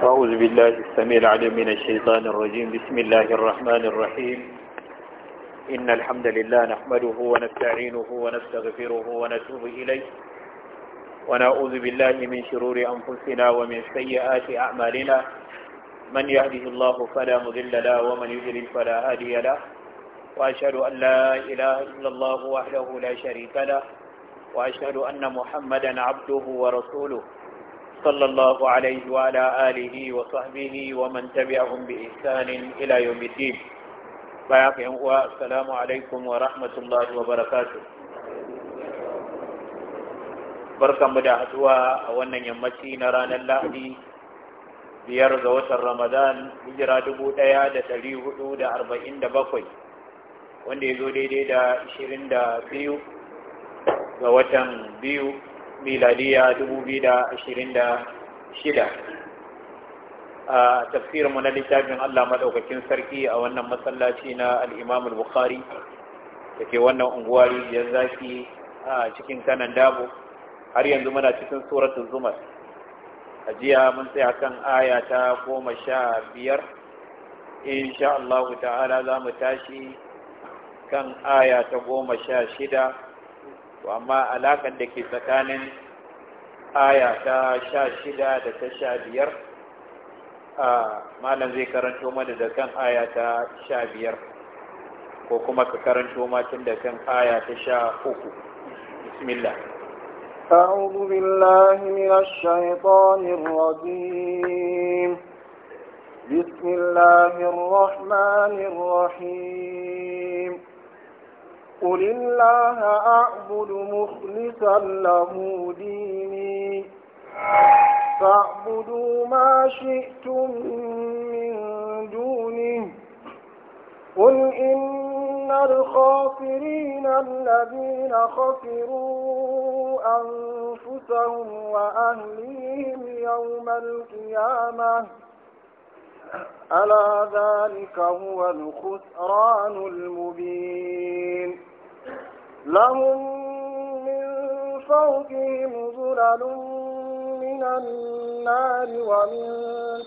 أعوذ بالله السميع العليم من الشيطان الرجيم بسم الله الرحمن الرحيم إن الحمد لله نحمده ونستعينه ونستغفره ونتوب إليه ونعوذ بالله من شرور أنفسنا ومن سيئات أعمالنا من يهده الله فلا مضل له ومن يضلل فلا هادي له وأشهد أن لا إله إلا الله وحده لا شريك له وأشهد أن محمدا عبده ورسوله صلى الله عليه وعلى آله وصحبه ومن تبعهم بإحسان إلى يوم الدين باقي والسلام عليكم ورحمة الله وبركاته barkan mu da haduwa a wannan yammaci na ranar lahadi biyar ga watan ramadan hijira dubu ɗaya da ɗari hudu da arba'in da bakwai wanda ya zo daidai da ashirin da biyu ga watan biyu miladiya shida. a tafsirinmu na littafin Allah maɗaukakin sarki a wannan masallaci na al'imam bukhari da ke wannan unguwa rijiyar zaki a cikin kanan dabo har yanzu muna cikin suratun zumar a jiya mun tsaya kan aya ta goma sha biyar insha Allah ta'ala za mu tashi kan aya ta goma sha shida to amma alakan da ke tsakanin aya ta sha shida da ta sha biyar malam zai karanto mana da kan aya ta sha biyar ko kuma ka karanto matin da kan aya ta sha uku bismillah أعوذ بالله من الشيطان الرجيم بسم الله الرحمن الرحيم قل الله أعبد مخلصا له ديني فاعبدوا ما شئتم من دونه قل إن الخاسرين الذين خسروا أنفسهم وأهليهم يوم القيامة ألا ذلك هو الخسران المبين لهم من فوقهم ظلل من النار ومن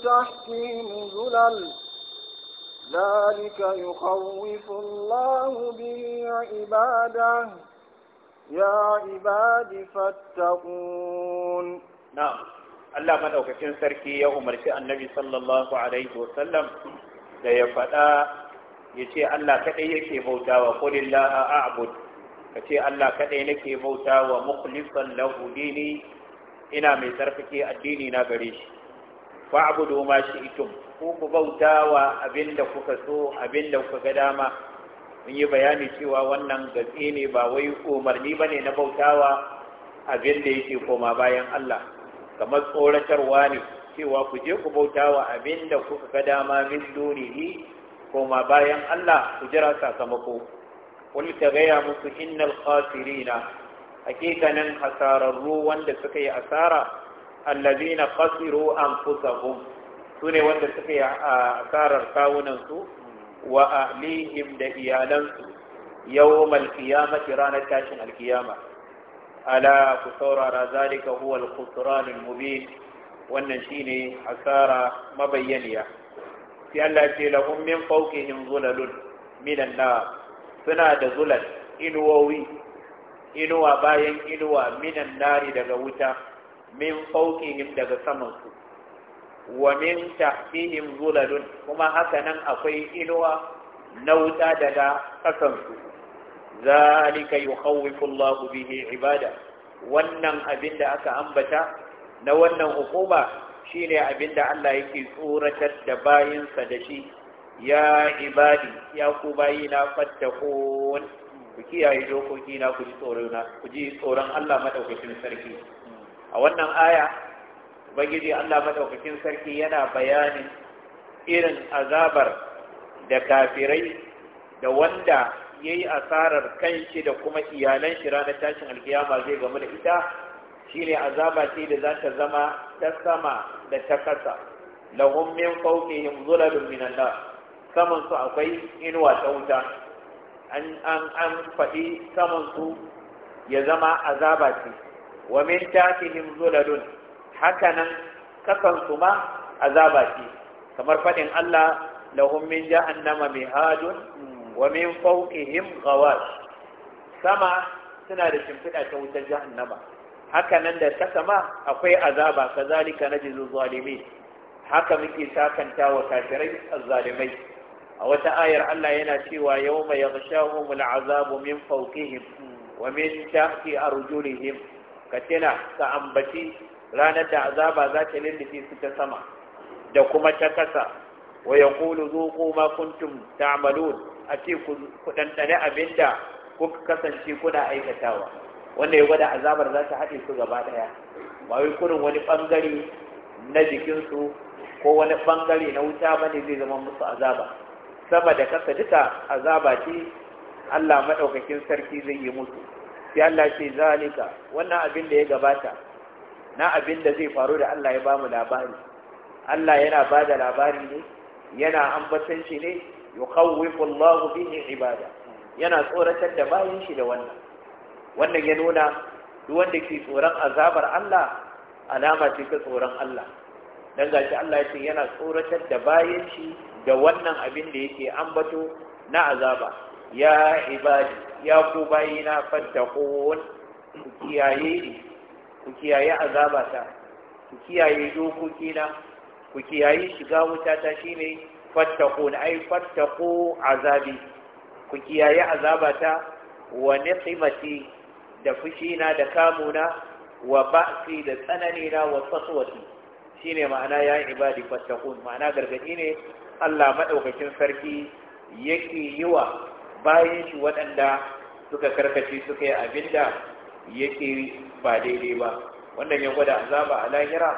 تحتهم ظلل ذلك يخوف الله به عباده يا عباد فاتقون نعم الله من أوكي يوم يا النبي صلى الله عليه وسلم ليفتأ ya ce Allah kaɗai yake bautawa qulillaha a'bud ka ce Allah kaɗai nake bautawa mukhlishan lahu dini ina mai tsarkake addini na gare shi fa'budu ma shi'tum ku ku bautawa abinda kuka so da kuka ga dama mun yi bayani cewa wannan gatsi ne ba wai umarni bane na bautawa abinda yake koma bayan Allah kamar tsoratarwa ne cewa ku je ku bautawa abinda kuka ga dama min dunihi koma bayan Allah ku jira sakamako qul ka gaya musu innal khasirina hakikanin hasararru wanda suka yi asara allazina khasiru anfusahum sune wanda suka yi asarar kawunan su wa ahlihim da iyalansu yawmal qiyamati ranar tashin alkiyama ala ku saurara zalika huwa al-khusran al wannan shine asara mabayyaniya sai Allah ce lahum min fawqihim zulalun minan nar suna da zulal inuwawi inuwa bayan inuwa minan nari daga wuta min fawqihim daga samansu wa min tahtihim zulalun kuma haka nan akwai inuwa na wuta daga su zalika yukhawifu Allah bihi ibada wannan abin da aka ambata na wannan hukuma Shi shine abinda Allah yake tsoratar da bayinsa da shi ya ibadi ya ku bayina fattakun ku kiyaye dokoki na ku ji tsoron tsoron Allah madaukakin sarki a wannan aya ubangiji Allah madaukakin sarki yana bayanin irin azabar da kafirai da wanda yayi asarar kanshi da kuma iyalan shi ranar tashin alkiyama zai gamu da ita shine azaba ce da za ta zama ta sama da ta kasa lahum min fawqihim zulalun min an-nar saman akwai inuwa ta wuta an faɗi samansu ya zama azaba ce wa min tatihim zulalun hakanan kasan su ma azaba ce kamar faɗin Allah lahum min mai mihadun wa min fawqihim ghawash sama suna da shimfiɗa ta wutar jahannama haka nan da ta kama, akwai azaba kazalika najzul zalimin haka muke sakanta wa kafirai azzalimai a wata ayar Allah yana cewa yawma yaghshahumul azabu min fawqihim wa min tahti arjulihim katina ka ambaci ranar da azaba za ta su ta sama da kuma ta kasa wa yaqulu zuqu ma kuntum ta'malun a ce ku abinda kuka kasance kuna aikatawa wanda ya gwada azabar za ta haɗe su gaba ɗaya ba wai kurin wani ɓangare na jikinsu ko wani ɓangare na wuta ba ne zai zama musu azaba sama da kasa duka azaba ce Allah maɗaukakin sarki zai yi musu sai Allah ce zalika wannan abin da ya gabata na abin da zai faru da Allah ya ba mu labari Allah yana ba da labari ne yana ambatan shi ne yukawwifu bihi ibada yana tsoratar da bayin shi da wannan wannan ya nuna duk wanda ke tsoron azabar Allah alama ce ta tsoron Allah dan gashi Allah ya ce yana tsoratar da bayan shi da wannan abin da yake ambato na azaba ya ibadi ya ku bayina fattaqun ku kiyaye ku kiyaye azabata ku kiyaye dokokina ku kiyaye shiga wuta ta shine fattaqun ai fattaqu azabi ku kiyaye azabata wa niqimati da fushi na da kamuna wa ba'si da tsanani na wa saswati shine ma'ana ya ibadi fattaqun ma'ana gargadi ne Allah madaukakin sarki yake yi wa bayan shi waɗanda suka karkace suka yi abinda yake ba daidai ba wannan ya gwada azaba a lahira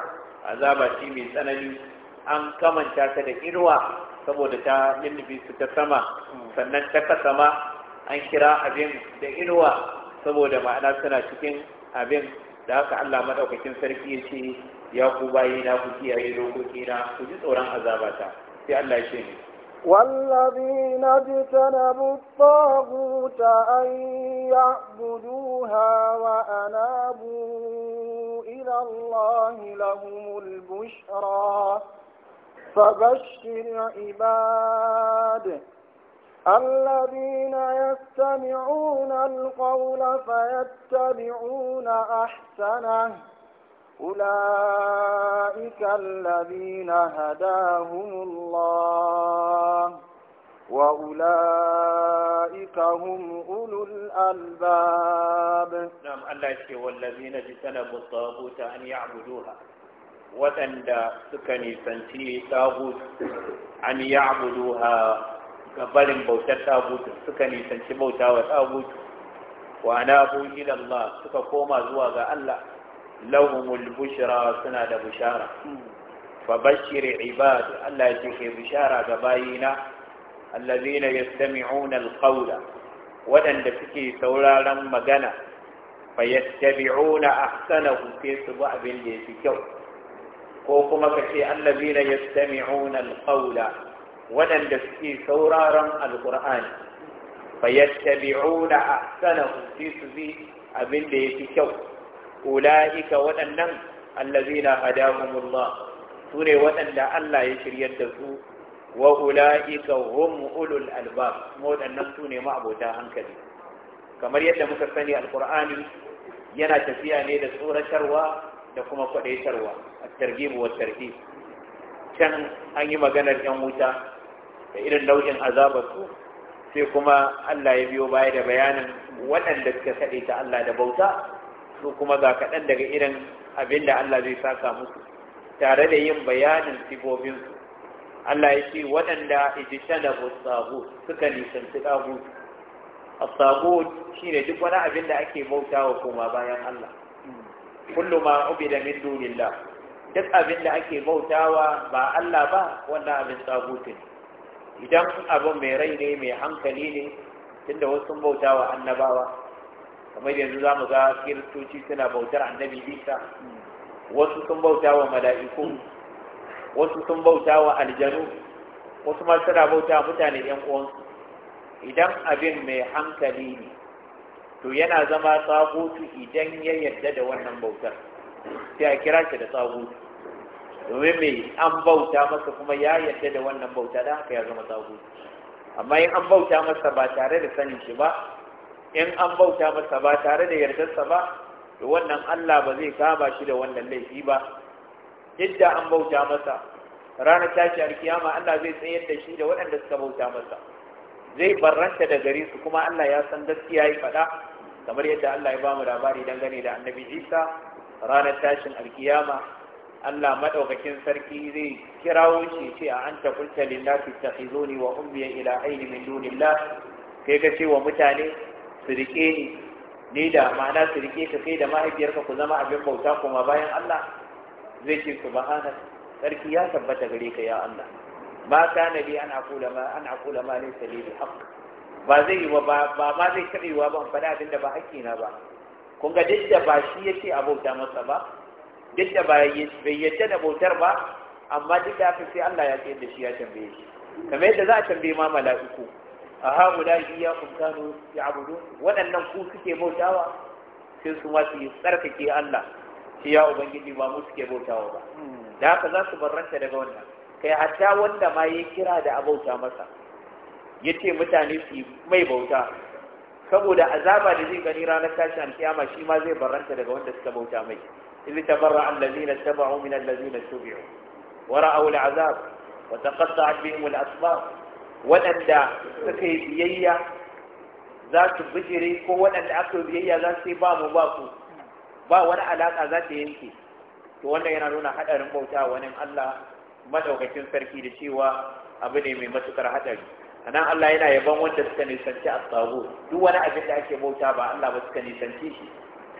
azaba shi mai tsanani an kamanta ta da irwa saboda ta lullubi su ta sama sannan ta kasa an kira abin da inuwa. saboda ma'ana suna cikin abin da haka Allah madaukakin sarki ya ce ya ku bayi na ku kiyaye dokoki na ku ji tsoron azabata sai Allah ya ce ni والذين اجتنبوا الطاغوت أن يعبدوها وأنابوا إلى الله لهم البشرى فبشر عباده الذين يستمعون القول فيتبعون أحسنه أولئك الذين هداهم الله وأولئك هم أولو الألباب نعم الله يشكي والذين جتنبوا الطاغوت أن يعبدوها وتندى سكني سنتي طاغوت أن يعبدوها ga barin bautar tagutu suka nisanci bauta wa tagutu wa anabu ila Allah suka koma zuwa ga Allah lahumul bushra suna da bushara fa bashir ibad Allah ya ce bushara ga bayina allazina yastami'una alqawla wadanda suke sauraron magana fa yattabi'una ahsanahu sai su bi yafi kyau ko kuma kace allazina yastami'una alqawla waɗanda suke sauraron alkur'ani fayattabi'una ahsanahu fi su bi abin da fi kyau ulaika waɗannan allazina hadahumullah sune waɗanda Allah ya shiryar da su wa ulaika hum ulul albab waɗannan sune ma'abota hankali kamar yadda muka sani alkur'ani yana tafiya ne da tsoratarwa da kuma kwadaitarwa a targhib wa tarhib can an yi maganar yan wuta da irin nau'in azabarsu sai kuma Allah ya biyo baya da bayanin waɗanda suka saɗe ta Allah da bauta su kuma ga kaɗan daga irin abin da Allah zai saka musu tare da yin bayanin sifofinsu Allah ya ce waɗanda ijitana bu suka nisanci tsagut asagut shine duk wani abin da ake bautawa koma bayan Allah kullu ma ubida min duk abin da ake bautawa ba Allah ba wannan abin tsagutin idan abin mai rai ne mai hankali ne tunda wasu sun bauta wa annabawa kamar yanzu za mu ga kiristoci suna bautar annabi isa wasu sun bauta wa mala'iku wasu sun bauta wa aljanu wasu ma suna bauta mutane yan uwansu idan abin mai hankali ne to yana zama tsagutu idan ya yarda da wannan bautar sai a kira shi da tsagutu domin mai an bauta masa kuma ya yarda da wannan bauta da haka ya zama tsago amma in an bauta masa ba tare da sanin shi ba in an bauta masa ba tare da yardarsa ba to wannan Allah ba zai kama shi da wannan laifi ba duk an bauta masa ranar tashi alkiyama Allah zai tsayar da shi da waɗanda suka bauta masa zai barranta da gare su kuma Allah ya san gaskiya ya faɗa kamar yadda Allah ya bamu labari dangane da annabi Isa ranar tashin alkiyama Allah madaukakin sarki zai kirawo shi ce a anta qulta lin nasi takhizuni wa ummi ila aini min dunillah kai ka ce wa mutane su rike ni ni da ma'ana su rike ka kai da mahaifiyarka ku zama abin bauta kuma bayan Allah zai ce su subhana sarki ya tabbata gare ka ya Allah ka na bi an akula ma an aqula ma laysa ba zai yi ba ba ma zai wa ba faɗa abin da ba haƙƙina ba kun ga duk da ba shi ya ce a bauta masa ba duk da bai yadda da bautar ba amma duk da haka sai Allah ya ce da shi ya tambaye shi kamar yadda za a tambaye ma mala'iku a hamu guda ya kumtano ya abudu waɗannan ku suke bautawa sai su ma su yi tsarkake Allah shi ya ubangiji ba mu suke bautawa ba da haka za su barranta daga wannan kai hatta wanda ma ya kira da abauta masa ya ce mutane su yi mai bauta saboda azaba da zai gani ranar tashin alkiyama shi ma zai barranta daga wanda suka bauta mai إذ تبرع الذين اتبعوا من الذين اتبعوا ورأوا العذاب وتقطعت بهم الأسباب waɗanda suka biyayya za su bijire ko waɗanda aka yi biyayya za su yi ba mu ba ku ba wani alaƙa za ta yanke to wannan yana nuna haɗarin bauta wani Allah madaukakin sarki da cewa abu ne mai matukar haɗari a nan Allah yana yaban wanda suka nisanci a tsago duk wani abin da ake bauta ba Allah ba suka nisanci shi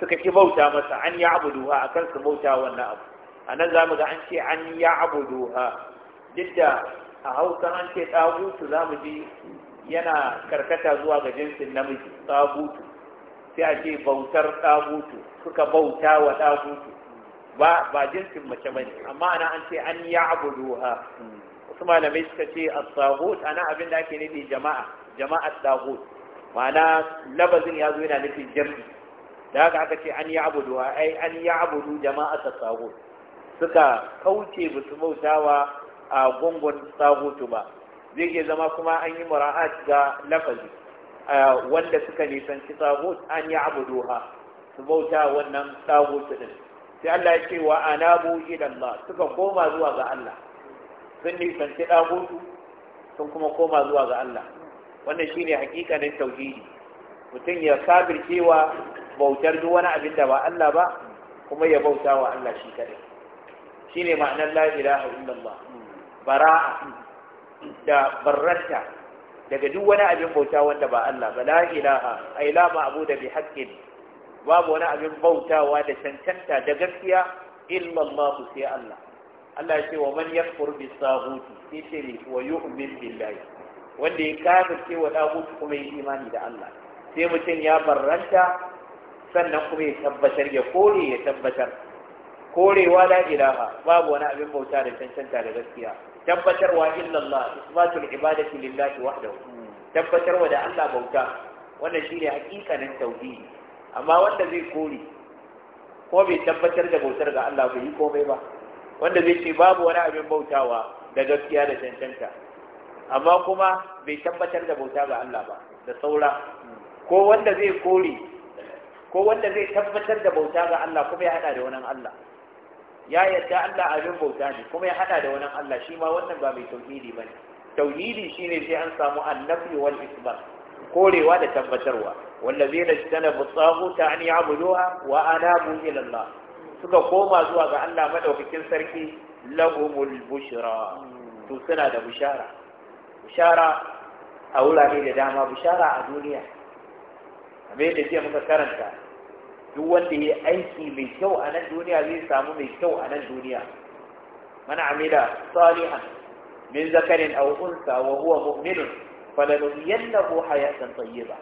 suka ki bauta masa an ya abuduha akan su bauta wannan abu a nan za mu ga an ce an ya abuduha duk da a hausa an ce tsagutu za mu ji yana karkata zuwa ga jinsin namiji tsagutu sai a ce bautar tsagutu suka bauta wa tsagutu ba ba jinsin mace bane amma ana an ce an ya abuduha wasu malamai suka ce as-sagut ana abin da ake nufi jama'a jama'a tsagut ma'ana labazin ya zo yana nufin jami'i da haka aka ce an ya'budu ai an ya'budu jama'a tasawu suka kauce ba su bautawa a gungun tsagutu ba zai ke zama kuma an yi mura'at ga lafazi wanda suka nisanci tsagut an yi abuduha su bauta wannan tsagutu din sai Allah ya ce wa anabu idan ba suka koma zuwa ga Allah sun nisanci tsagutu sun kuma koma zuwa ga Allah wannan shine hakikanin tauhidi mutum ya kabircewa bautar duk wani abin da ba Allah ba kuma ya bauta wa Allah shi kaɗai. Shi ne ma'anar la ilaha illallah bara'a da barranta daga duk wani abin bauta wanda ba Allah ba la ilaha ay la ma'budu bi haqqin babu wani abin bautawa da cancanta da gaskiya illallah sai Allah Allah ya ce wa man yakfur bi sahuti sai wa yu'min billahi wanda ya kafirce wa dagutu kuma yi imani da Allah sai mutum ya barranta sannan kuma ya tabbatar ya kore ya tabbatar korewa la ilaha babu wani abin bauta da cancanta da gaskiya tabbatarwa illallah isbatul ibadati lillahi wahdahu tabbatarwa da Allah bauta wannan shine hakikanin tauhidi amma wanda zai kore ko bai tabbatar da bautar ga Allah bai yi komai ba wanda zai ce babu wani abin bautawa da gaskiya da cancanta amma kuma bai tabbatar da bauta ga Allah ba da saura ko wanda zai kore ko wanda zai tabbatar da bauta ga Allah kuma ya hada da wannan Allah ya yadda Allah abin bauta ne kuma ya hada da wannan Allah shi ma wannan ba mai tauhidi bane tauhidi shine sai an samu annabi wal isbat korewa da tabbatarwa wallazina istanabu tsaguta an ya'buduha wa anabu ila Allah suka koma zuwa ga Allah madaukakin sarki lahumul bushra to suna da bushara bushara a wurare da dama bushara a duniya kamar yadda jiya muka karanta duk wanda ya aiki mai kyau a nan duniya zai samu mai kyau a nan duniya mana amila salihan min zakarin aw unsa wa huwa mu'min falanuhyiyannahu hayatan tayyiba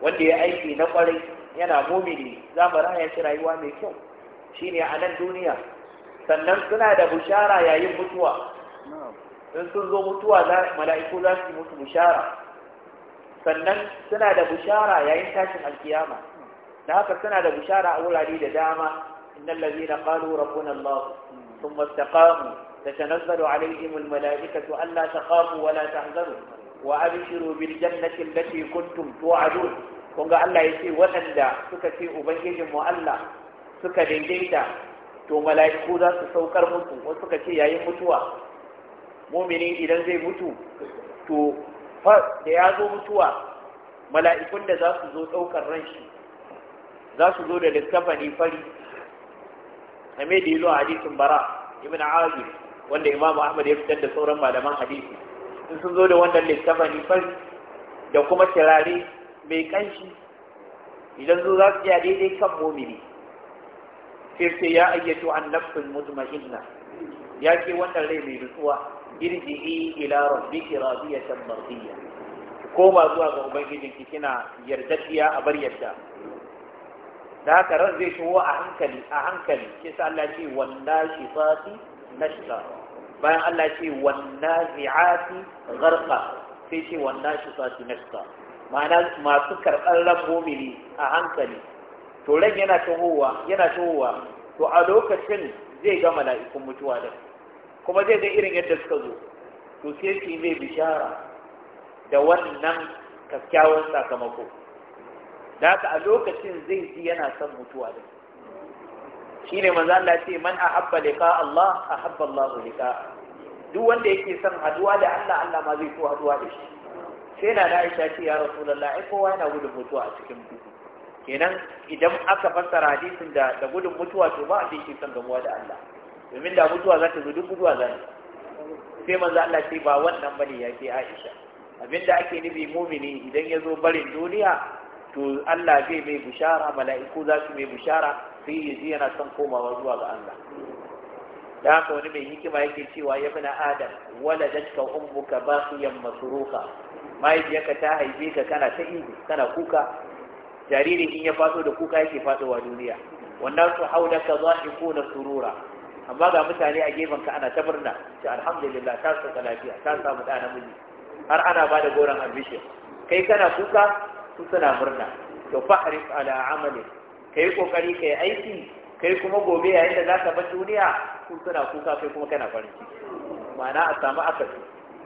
wanda ya aiki na kwarai yana mumini za mu raya shi rayuwa mai kyau shine a nan duniya sannan suna da bushara yayin mutuwa in sun zo mutuwa mala'iku za su musu bushara sannan suna da bushara yayin tashin alkiyama da haka suna da bishara a wurare da dama innal ladina qalu rabbuna Allah thumma istaqamu tatanazzalu alaihim al malaikatu alla taqamu wa la tahzanu wa abshiru bil jannati allati kuntum tu'adun kun ga Allah yace waɗanda suka ce ubangijin mu Allah suka daidaita to mala'iku za su saukar mutu wasu suka ce yayin mutuwa mumini idan zai mutu to fa da ya zo mutuwa mala'ikun da za su zo ɗaukar ran shi za su zo da littafani fari mai da yi zuwa hadisin bara ibn azib wanda imamu ahmad ya fitar da sauran malaman hadisi in sun zo da wannan littafani fari da kuma tirare mai kanshi idan zo za su iya daidai kan momini sai sai ya ayyato an nafsul mutmainna ya ke wannan rai mai nutsuwa irji'i ila rabbiki radiyatan mardiya koma zuwa ga ubangijinki kina yardaddiya a bar yadda da haka ran zai shigo a hankali a hankali ke sa Allah ce shi na shi nashta bayan Allah ce wannazi'ati gharqa sai ce na shi nashta ma'ana masu karɓar ran a hankali to ran yana tahowa yana tahowa to a lokacin zai ga mala'ikun mutuwa da kuma zai ga irin yadda suka zo to sai su yi mai bishara da wannan kyakkyawan sakamako da haka a lokacin zai ji yana son mutuwa da shi ne maza Allah ce man a ahabba liƙa Allah a ahabba Allah liƙa. duk wanda yake son haduwa da Allah Allah ma zai so haduwa da shi sai na da Aisha ce ya Rasulullah ai kowa yana gudun mutuwa a cikin duhu kenan idan aka fassara hadisin da da gudun mutuwa to ba a yake son gamuwa da Allah domin da mutuwa za ta zo duk guduwa za ne. sai maza Allah ce ba wannan bane ke Aisha abinda ake nufi mumini idan ya zo barin duniya to Allah zai mai bishara mala'iku za su mai bishara ya ji yana son komawa zuwa ga Allah da haka wani mai hikima yake cewa ya na adam wala datka ummuka baqiyan masruka mahaifiyarka ta haife ka kana ta ihu kana kuka jaririn in ya faso da kuka yake wa duniya wannan su haudaka na surura amma ga mutane a gefen ka ana ta murna ce alhamdulillah ta saka lafiya ta samu da namiji har ana ba da goron ambishin kai kana kuka su suna murna to fa'rif ala amali kai kokari kai aiki kai kuma gobe yayin da zaka bar duniya su suna kuka kai kuma kana farin ciki ma'ana a samu akasi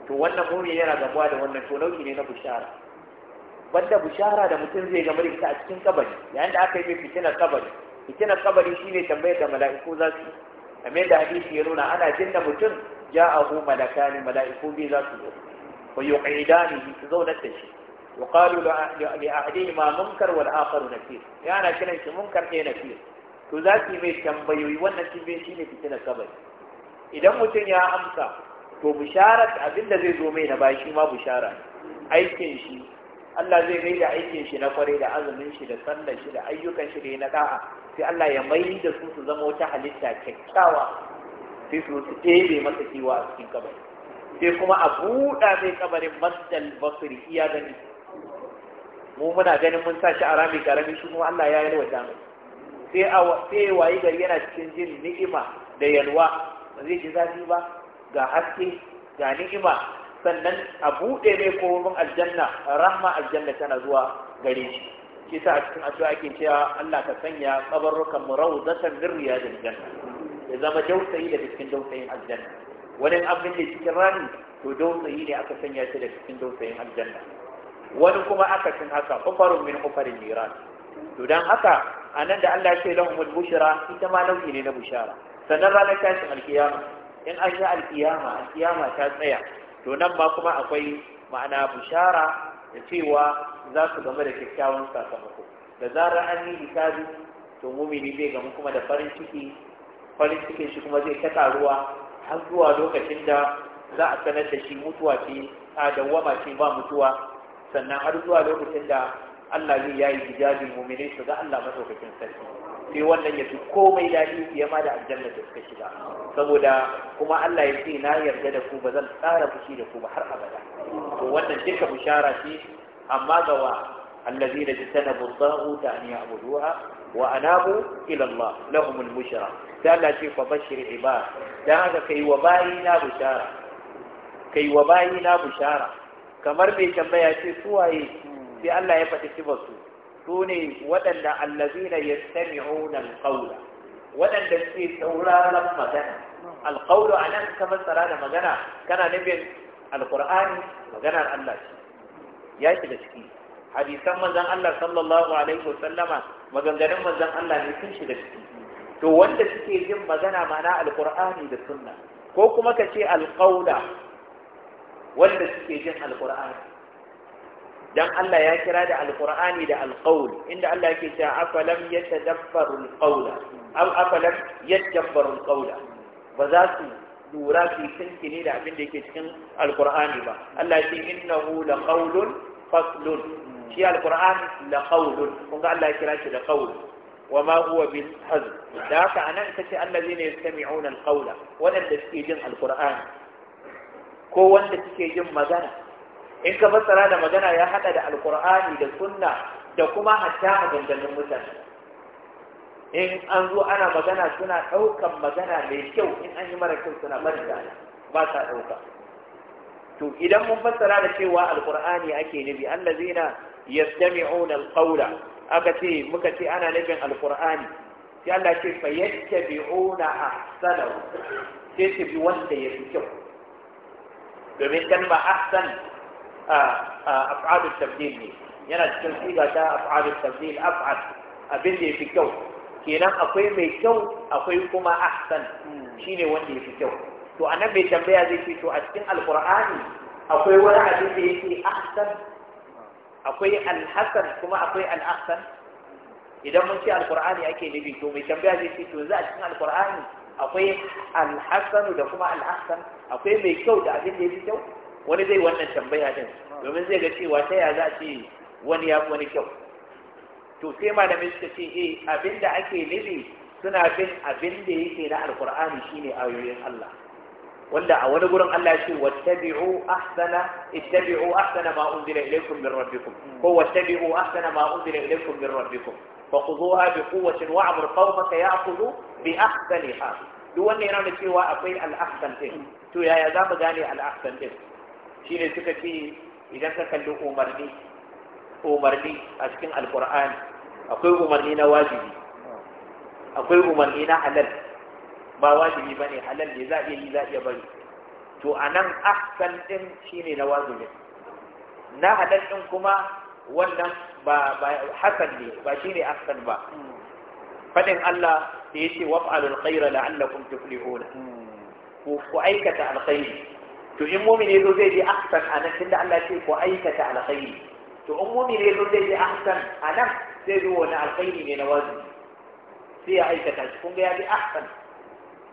to wannan mu'min yana gabuwa da wannan to nau'i ne na bushara banda bushara da mutum zai ga da a cikin kabari yayin da aka yi mai fitinar kabari fitinar kabari shine tambayar da mala'iku za su kamar da hadisi ya nuna ana jinna mutum ja'ahu malakani mala'iku bi za su zo wa yuqidani su zauna da shi yuqalu li ahadihima munkar wal akhar nakir ya ana kiran shi munkar ɗaya nakir to za mai tambayoyi wannan tambayoyi shine fitina kabari idan mutum ya amsa to bisharar abin da zai zo mai na bashi ma bishara aikin Allah zai mai da aikin shi na kware da azumin shi da sallar shi da ayyukan shi da ya na da'a sai Allah ya mai da su su zama wata halitta kyakkyawa sai su su ɗebe masa kewa a kabari sai kuma a buɗa mai kabarin masdal basiri iya gani mu muna ganin mun tashi a rami karami shi kuma Allah ya wa mu sai a sai wayi gari yana cikin jin ni'ima da yalwa ba zai ji zafi ba ga haske ga ni'ima sannan a buɗe mai komin aljanna rahma aljanna tana zuwa gare shi shi a cikin addu'a ake cewa Allah ka sanya kabarrukan mu rawdatan min riyadil janna ya zama dausayi da cikin dausayin aljanna wani abin da cikin rami to dausayi ne aka sanya shi da cikin dausayin aljanna wani kuma akasin haka kufarun min kufarin niran to dan haka anan da Allah ya ce al bushra ita ma nau'i ne na bushara sannan ranar tashin alkiyama in an yi alkiyama alkiyama ta tsaya to nan ma kuma akwai ma'ana bushara da cewa za su game da kyakkyawan sakamako da zarar an yi hisabi to mumini zai gamu kuma da farin ciki farin cikin shi kuma zai ta karuwa har zuwa lokacin da za a sanar da shi mutuwa ce a dawwama ce ba mutuwa sannan har zuwa lokacin da Allah zai yayi hijabi mu'minai su ga Allah madaukakin sarki sai wannan ya fi komai daɗi fiye ma da aljanna da suka shiga saboda kuma Allah ya ce na yarda da ku ba zan tsara fushi da ku ba har abada to wannan duka bishara ce amma ga wa da jitanabu dhahu ta an ya'buduha wa anabu ila Allah lahumul bushra da Allah ce fa bashir ibad dan haka kai wa bayina bishara kai wa bayina bishara kamar mai tambaya ce su waye sai Allah ya faɗi sifarsu su ne waɗanda allazina yastami'una alqawla waɗanda suke sauraron magana a nan ka fassara da magana kana nufin Alƙur'ani maganar Allah ce ya shiga ciki hadisan manzan Allah sallallahu alaihi wa sallama maganganun manzon Allah ne sun shiga ciki to wanda suke jin magana ma'ana Alƙur'ani da sunna ko kuma ka ce alqawla wanda suke jin Alƙur'ani. dan Allah ya kira da Alƙur'ani da alqaul inda Allah yake cewa afalam yatadabbaru alqaula aw afalam yatadabbaru alqaula ba za su lura su tinkini da abin da yake cikin Alƙur'ani ba Allah ya ce innahu laqaulun faslun shi Alƙur'ani laqaulun kun ga Allah ya kira shi da Wa ma qaul وما هو بالهزل ذاك أنا أنت الذين يستمعون القول ولن suke jin القرآن ko wanda suke yin magana in ka fassara da magana ya hada da alkur'ani da sunna da kuma hatta maganganun mutane in an zo ana magana suna ɗaukan magana mai kyau in an yi mara kyau suna bari da ba sa ɗauka to idan mun fassara da cewa alkur'ani ake nufi allazina yastami'una alqawla aka ce muka ce ana nufin alkur'ani sai Allah ce fa yattabi'una ahsanahu sai su bi wanda ya kyau domin kalma ahsan af'alu tabdil ne yana cikin siga ta af'alu tabdil af'al abin da yafi kyau kenan akwai mai kyau akwai kuma ahsan shine wanda yafi kyau to anan mai tambaya zai ce to a cikin alqur'ani akwai wani abin da yake ahsan akwai alhasan kuma akwai al'ahsan idan mun ce alqur'ani ake nufi to mai tambaya zai ce to za a cikin alqur'ani akwai alhassanu da kuma alhassan akwai mai kyau da abin da ya fi kyau wani zai wannan tambaya din domin zai ga cewa ta ya za a ce wani ya wani kyau to sai malamai suka ce e abin da ake nufi suna bin abin da yake na alkur'ani shine ayoyin Allah wanda a wani gurin Allah ya ce wattabi'u ahsana ittabi'u ahsana ma unzila ilaykum min rabbikum ko wattabi'u ahsana ma unzila ilaykum min rabbikum فخذوها بقوة وعمر قومك يأخذوا بأحسنها duk wannan yana da cewa akwai al'ahsan din to yaya za gane al'ahsan din shine suka ce idan ka kalli umarni a cikin alqur'ani akwai umarni na wajibi akwai umarni na halal ba wajibi bane halal ne za iya iya bari na na halal kuma wannan ba hasan ne ba shi ne ahsan ba Faɗin Allah da yace waf'alul khaira la'allakum tuflihuna ku ku aikata alkhairi to in mu'mini yazo zai ji ahsan anan tunda Allah ya ce ku aikata alkhairi to in mu'mini yazo zai ji ahsan anan zai zo wani alkhairi ne na wazi sai ya aikata shi kun ga ya bi ahsan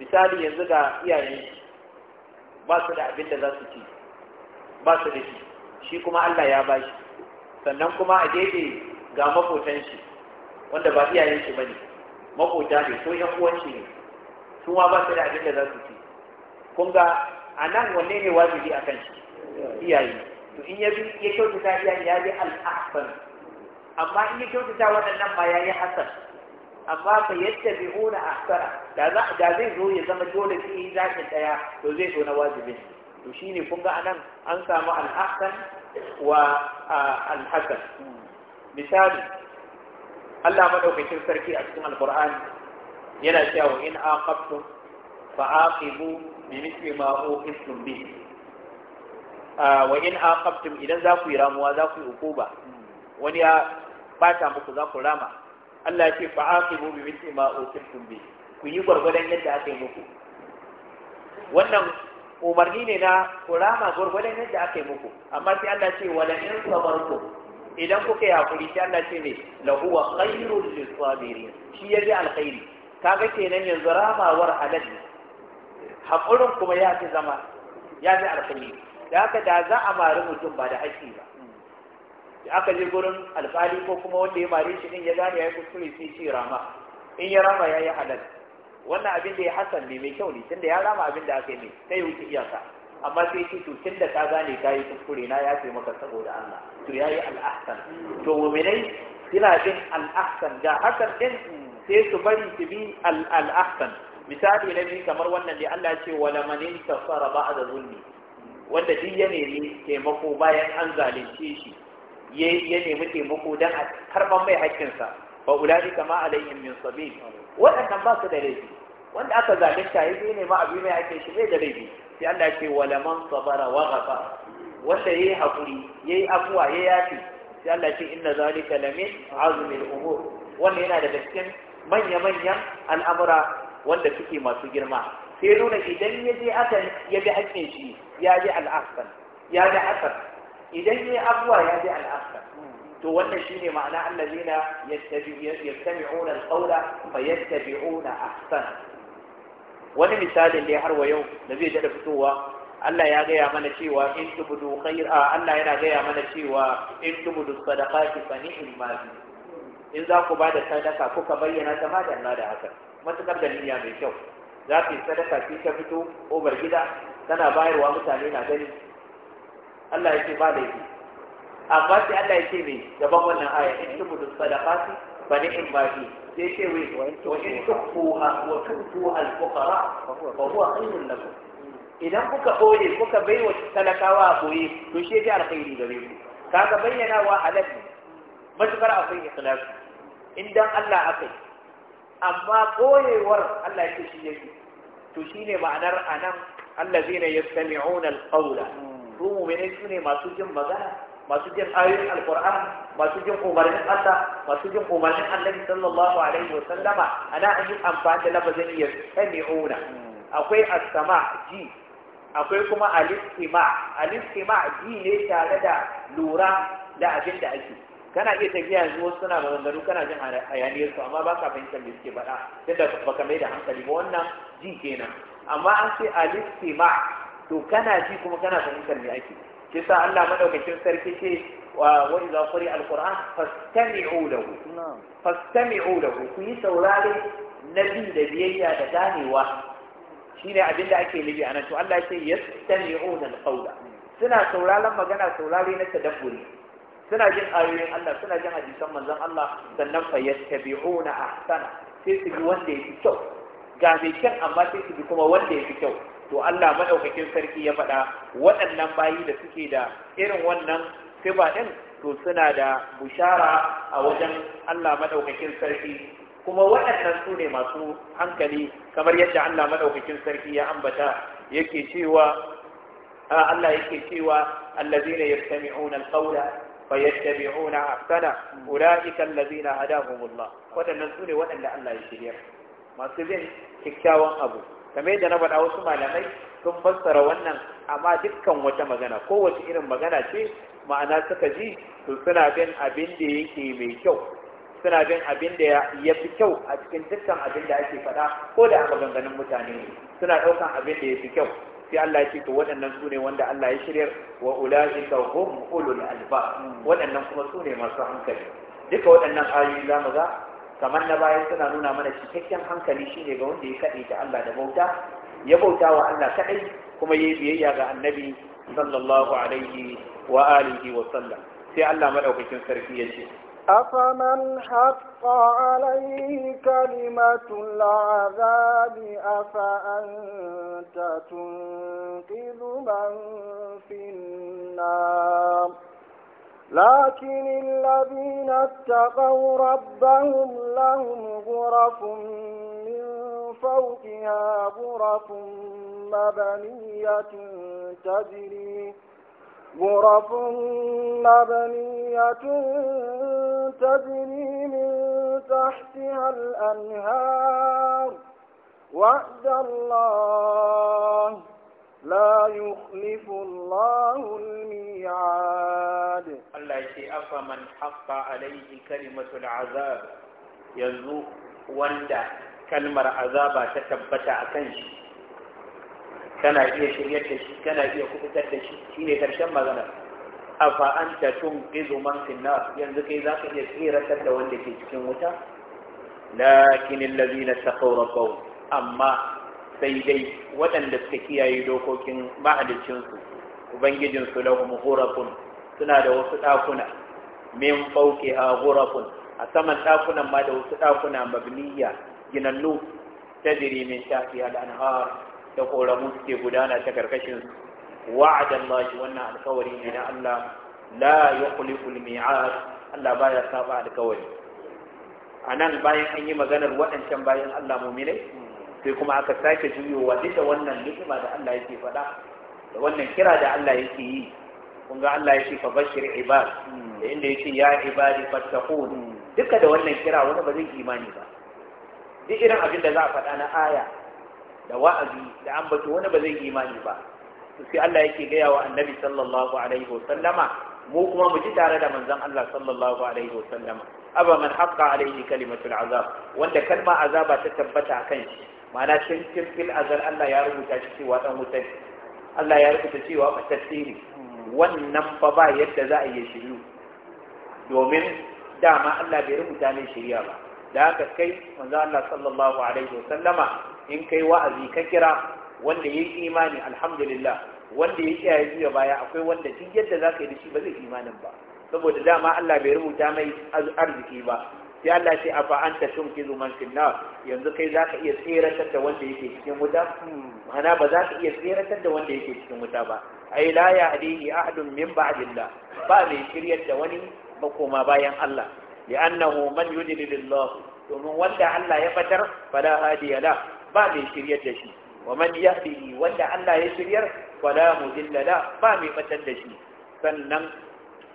misali yanzu ga iyaye ba su da abin da za su ci ba su da shi shi kuma Allah ya bashi. shi sannan kuma a daidai ga makotan shi wanda ba iyayen shi bane makota ne ko yan uwan shi ne su ma ba su da abin da za su ci kun ga a nan wanne ne wajibi a kan shi iyaye to in ya bi ya kyautata iyaye ya bi al'ahsan amma in ya kyautata waɗannan ma ya yi hasan amma fa bai ahsana a za da zai zo ya zama dole sai yi zaɓin ɗaya, to zai zo na wajibin to shine kun ga nan an samu al'ahsan wa al-hasan misali Allah madaukakin sarki a cikin alqur'ani yana cewa in aqabtum fa'aqibu bimithli ma uqibtum bihi wa in aqabtum idan za ku yi ramuwa za ku yi ukuba wani ya bata muku za ku rama Allah ya ce fa'aqibu bimithli ma uqibtum bihi ku yi gwargwadon yadda aka yi muku wannan umarni ne na kurama gwargwadon yadda aka yi muku amma sai Allah ce wala in sabartu idan kuka yi hakuri sai Allah ce ne lahu wa khairul lisabirin shi ya ji alkhairi kaga kenan yanzu ramawar war ne kuma ya fi zama ya fi alkhairi da haka da za a mari mutum ba da aiki ba da aka je gurin alfali ko kuma wanda ya mari shi din ya gane ya yi kuskure sai shi rama in ya rama ya yi halal wannan abin da ya hasan ne mai kyau ne tunda ya rama abin da aka yi mai sai wuce iyaka amma sai ce to da ka gane ka yi kuskure na ya taimaka maka saboda Allah to ya yi al'ahsan to muminai suna bin al'ahsan ga hasan din sai su bari su bi al'ahsan misali na biyu kamar wannan da Allah ce wala man intasara ba'da zulmi wanda duk ya nemi taimako bayan an zalunce shi ya nemi taimako dan a karɓar mai haƙƙinsa fa kama ma alaihim min sabil wadannan ba su da laifi wanda aka zalunta yayi ne ma abin mai ake shi bai da laifi sai Allah ya ce wala sabara wa ghafara wanda yayi hakuri yayi afwa ya yafi sai Allah ya ce inna zalika lamin azmi al-umur wannan yana da cikin manya-manyan al'amura wanda suke masu girma sai nuna idan ya je ya bi shi ya ji ya asar idan ya ji to wannan shine ma'ana allazina yastami'una alqawla fayattabi'una ahsan wani misalin da har wa yau da zai da fitowa Allah ya gaya mana cewa in tubudu khair Allah yana gaya mana cewa in tubudu sadaqati fa ni'mal mali in za ku bada sadaka kuka bayyana ta ma da Allah da haka matukar da niyya mai kyau za ku sadaka ki ta fito bar gida tana bayarwa mutane na gani Allah ya ce ba laifi amma sai Allah ya ce mai gaban wannan aya in tubu da sadaqati fa ni'im bahi sai ce wai wa in tukfuha wa tukfuha al-fuqara fa huwa khairun lakum idan kuka boye kuka bai wa talakawa a boye to shi ya alkhairi gare ku kaga bayyana wa halal matukar akwai ikhlas in dan Allah akai amma boyewar Allah ya ce shi yake to shine ma'anar anan allazina yastami'una al-qawla hmm. su mu'minai su ne masu jin magana masu jin ayoyin alqur'ani masu jin umarnin ƙasa, masu jin umarnin Annabi sallallahu alaihi wa sallama ana an yi amfani da lafazin yastami'una akwai as ji akwai kuma al-istima al ji ne tare da lura da abin da ake kana iya tafiya yanzu wasu suna maganganu kana jin hayaniyar su amma baka fahimtar me suke faɗa tunda baka mai da hankali ba wannan ji kenan amma an ce al to kana ji kuma kana fahimtar me ake shi sa Allah madaukakin sarki ce wa wa idza quri alquran da ku. fastami'u da ku yi saurare nabi da biyayya da ganewa shine abinda ake a nan to Allah ya ce yastami'una alqawla suna sauraron magana saurare na tadabburi suna jin ayoyin Allah suna jin hadisan manzon Allah sannan fa yattabi'una ahsana sai su bi wanda fi kyau ga mai kyan amma sai su bi kuma wanda fi kyau to Allah maɗaukakin sarki ya faɗa waɗannan bayi da suke da irin wannan sifa to suna da bushara a wajen Allah maɗaukakin sarki kuma waɗannan su ne masu hankali kamar yadda Allah maɗaukakin sarki ya ambata yake cewa Allah yake cewa allazina yastami'una alqawla فيتبعون أحسنه أولئك الذين هداهم الله waɗannan su ne waɗanda Allah ya shirya masu bin kyakkyawan abu kamar yadda na faɗa wasu malamai sun fassara wannan amma dukkan wata magana kowace irin magana ce ma'ana suka ji to suna bin abin da yake mai kyau suna bin abin da ya fi kyau a cikin dukkan abin da ake faɗa ko da aka ganganin mutane ne suna ɗaukan abin da ya fi kyau sai Allah ya ce to waɗannan su ne wanda Allah ya shiryar wa ka hum ulul alba waɗannan kuma su ne masu hankali duka waɗannan ayoyi za mu ga kamar na baya suna nuna mana cikakken hankali shine ga wanda ya kaɗe da Allah da bauta ya bauta wa Allah kaɗai kuma ya yi biyayya ga annabi sallallahu alaihi wa alihi wa sallam sai Allah madaukakin sarki ya ce أفمن حق عليه كلمة العذاب أفأنت تنقذ من في النار لكن الذين اتقوا ربهم لهم غرف من فوقها غرف مبنية تجري غرف مبنية تجري من تحتها الأنهار وعد الله لا يخلف الله الميعاد الله يشي أفمن حق عليه كلمة العذاب يزو وندا كلمة عذاب تثبت أكنش كان إيه شريعة كان إيه كتبت شيء كرشم مغنى أفأنت تنقذ من في النار ينزك إذا كنت يسيرة تدوان لكي تكون وتا لكن الذين اتقوا ربهم أما sai dai waɗanda suka kiyaye dokokin mahalicinsu ubangijinsu kuma hurafun suna da wasu ɗakuna min a hurafun, a saman ɗakunan ma da wasu ɗakuna mabiliya ginannu jiri min shafi al-anhar da koramu suke gudana ta karkashin wa'adan Allah wannan alkawari ne na Allah la yukhlifu al-mi'ad Allah baya saba alkawari nan bayan an yi maganar waɗancan bayan Allah mu'minai sai kuma aka sake juyowa duk da wannan ni'ima da Allah yake faɗa da wannan kira da Allah yake yi kun ga Allah yake fa bashir ibad da inda yake ya ibadi fattaqun hmm. duka da wannan kira wani ba zai imani ba duk irin abin da za a faɗa na aya da wa'azi da ambato wani ba zai imani ba sai Allah yake gaya wa annabi sallallahu alaihi wa sallama mu kuma mu ji tare da manzon Allah sallallahu alaihi wa sallama aba man haqqa alaihi kalimatul azab wanda kalma azaba ta tabbata akan shi ma'ana cikin cikin azal Allah ya rubuta shi cewa dan wuta Allah ya rubuta cewa batacce wannan fa ba yadda za a yi shiru domin dama Allah bai rubuta ne shirya ba da haka kai manzo Allah sallallahu alaihi wasallama in kai wa'azi ka kira wanda yayi imani alhamdulillah wanda ya kiyaye juya baya akwai wanda duk yadda zaka yi da shi ba zai imanin ba saboda dama Allah bai rubuta mai arziki ba sai Allah ce afa ta tunkizu ki zuman nar yanzu kai za ka iya tseratar da wanda yake cikin wuta Mana ba za ka iya tseratar da wanda yake cikin wuta ba A ai la ya'dihi ahadun min ba'dillah ba mai shiryar da wani ba koma bayan Allah li'annahu man yudlilillah domin wanda Allah ya fatar fala hadiya la ba mai shiryar da shi wa man ya yahdihi wanda Allah ya shiryar fala mudilla la ba mai fatar da shi sannan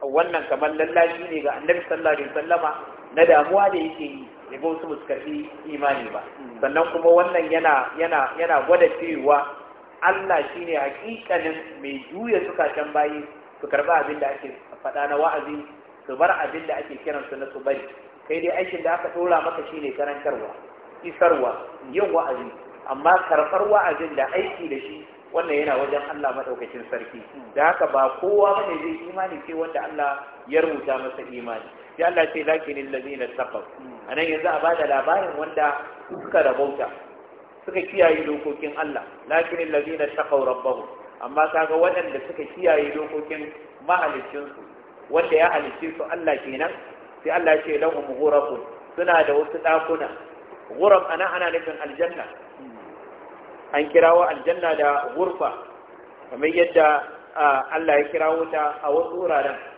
wannan kamar lallashi ne ga annabi sallallahu alaihi wasallama na damuwa da yake yi ya ga wasu muskarfi imani ba sannan kuma wannan yana yana yana gwada cewa Allah shi shine hakikanin mai juya sukacen bayi su karba abin da ake faɗa na wa'azi su bar abin da ake kiran su na su bari kai dai aikin da aka ɗora maka shi ne karantarwa isarwa yin wa'azi amma karɓar wa'azin da aiki da shi wannan yana wajen Allah maɗaukacin sarki da haka ba kowa bane zai imani ce wanda Allah ya rubuta masa imani sai Allah ce lakinin ladina A nan yanzu a bada labarin wanda suka rabauta suka kiyaye dokokin Allah lakinin ladina taqaw rabbahum amma kaga waɗanda suka kiyaye dokokin mahalicinsu wanda ya halicce su Allah kenan sai Allah ce lahum ghurafun suna da wasu dakuna ghuraf ana ana nufin aljanna an kirawo aljanna da ghurfa kamar yadda Allah ya kirawo ta a wasu wuraren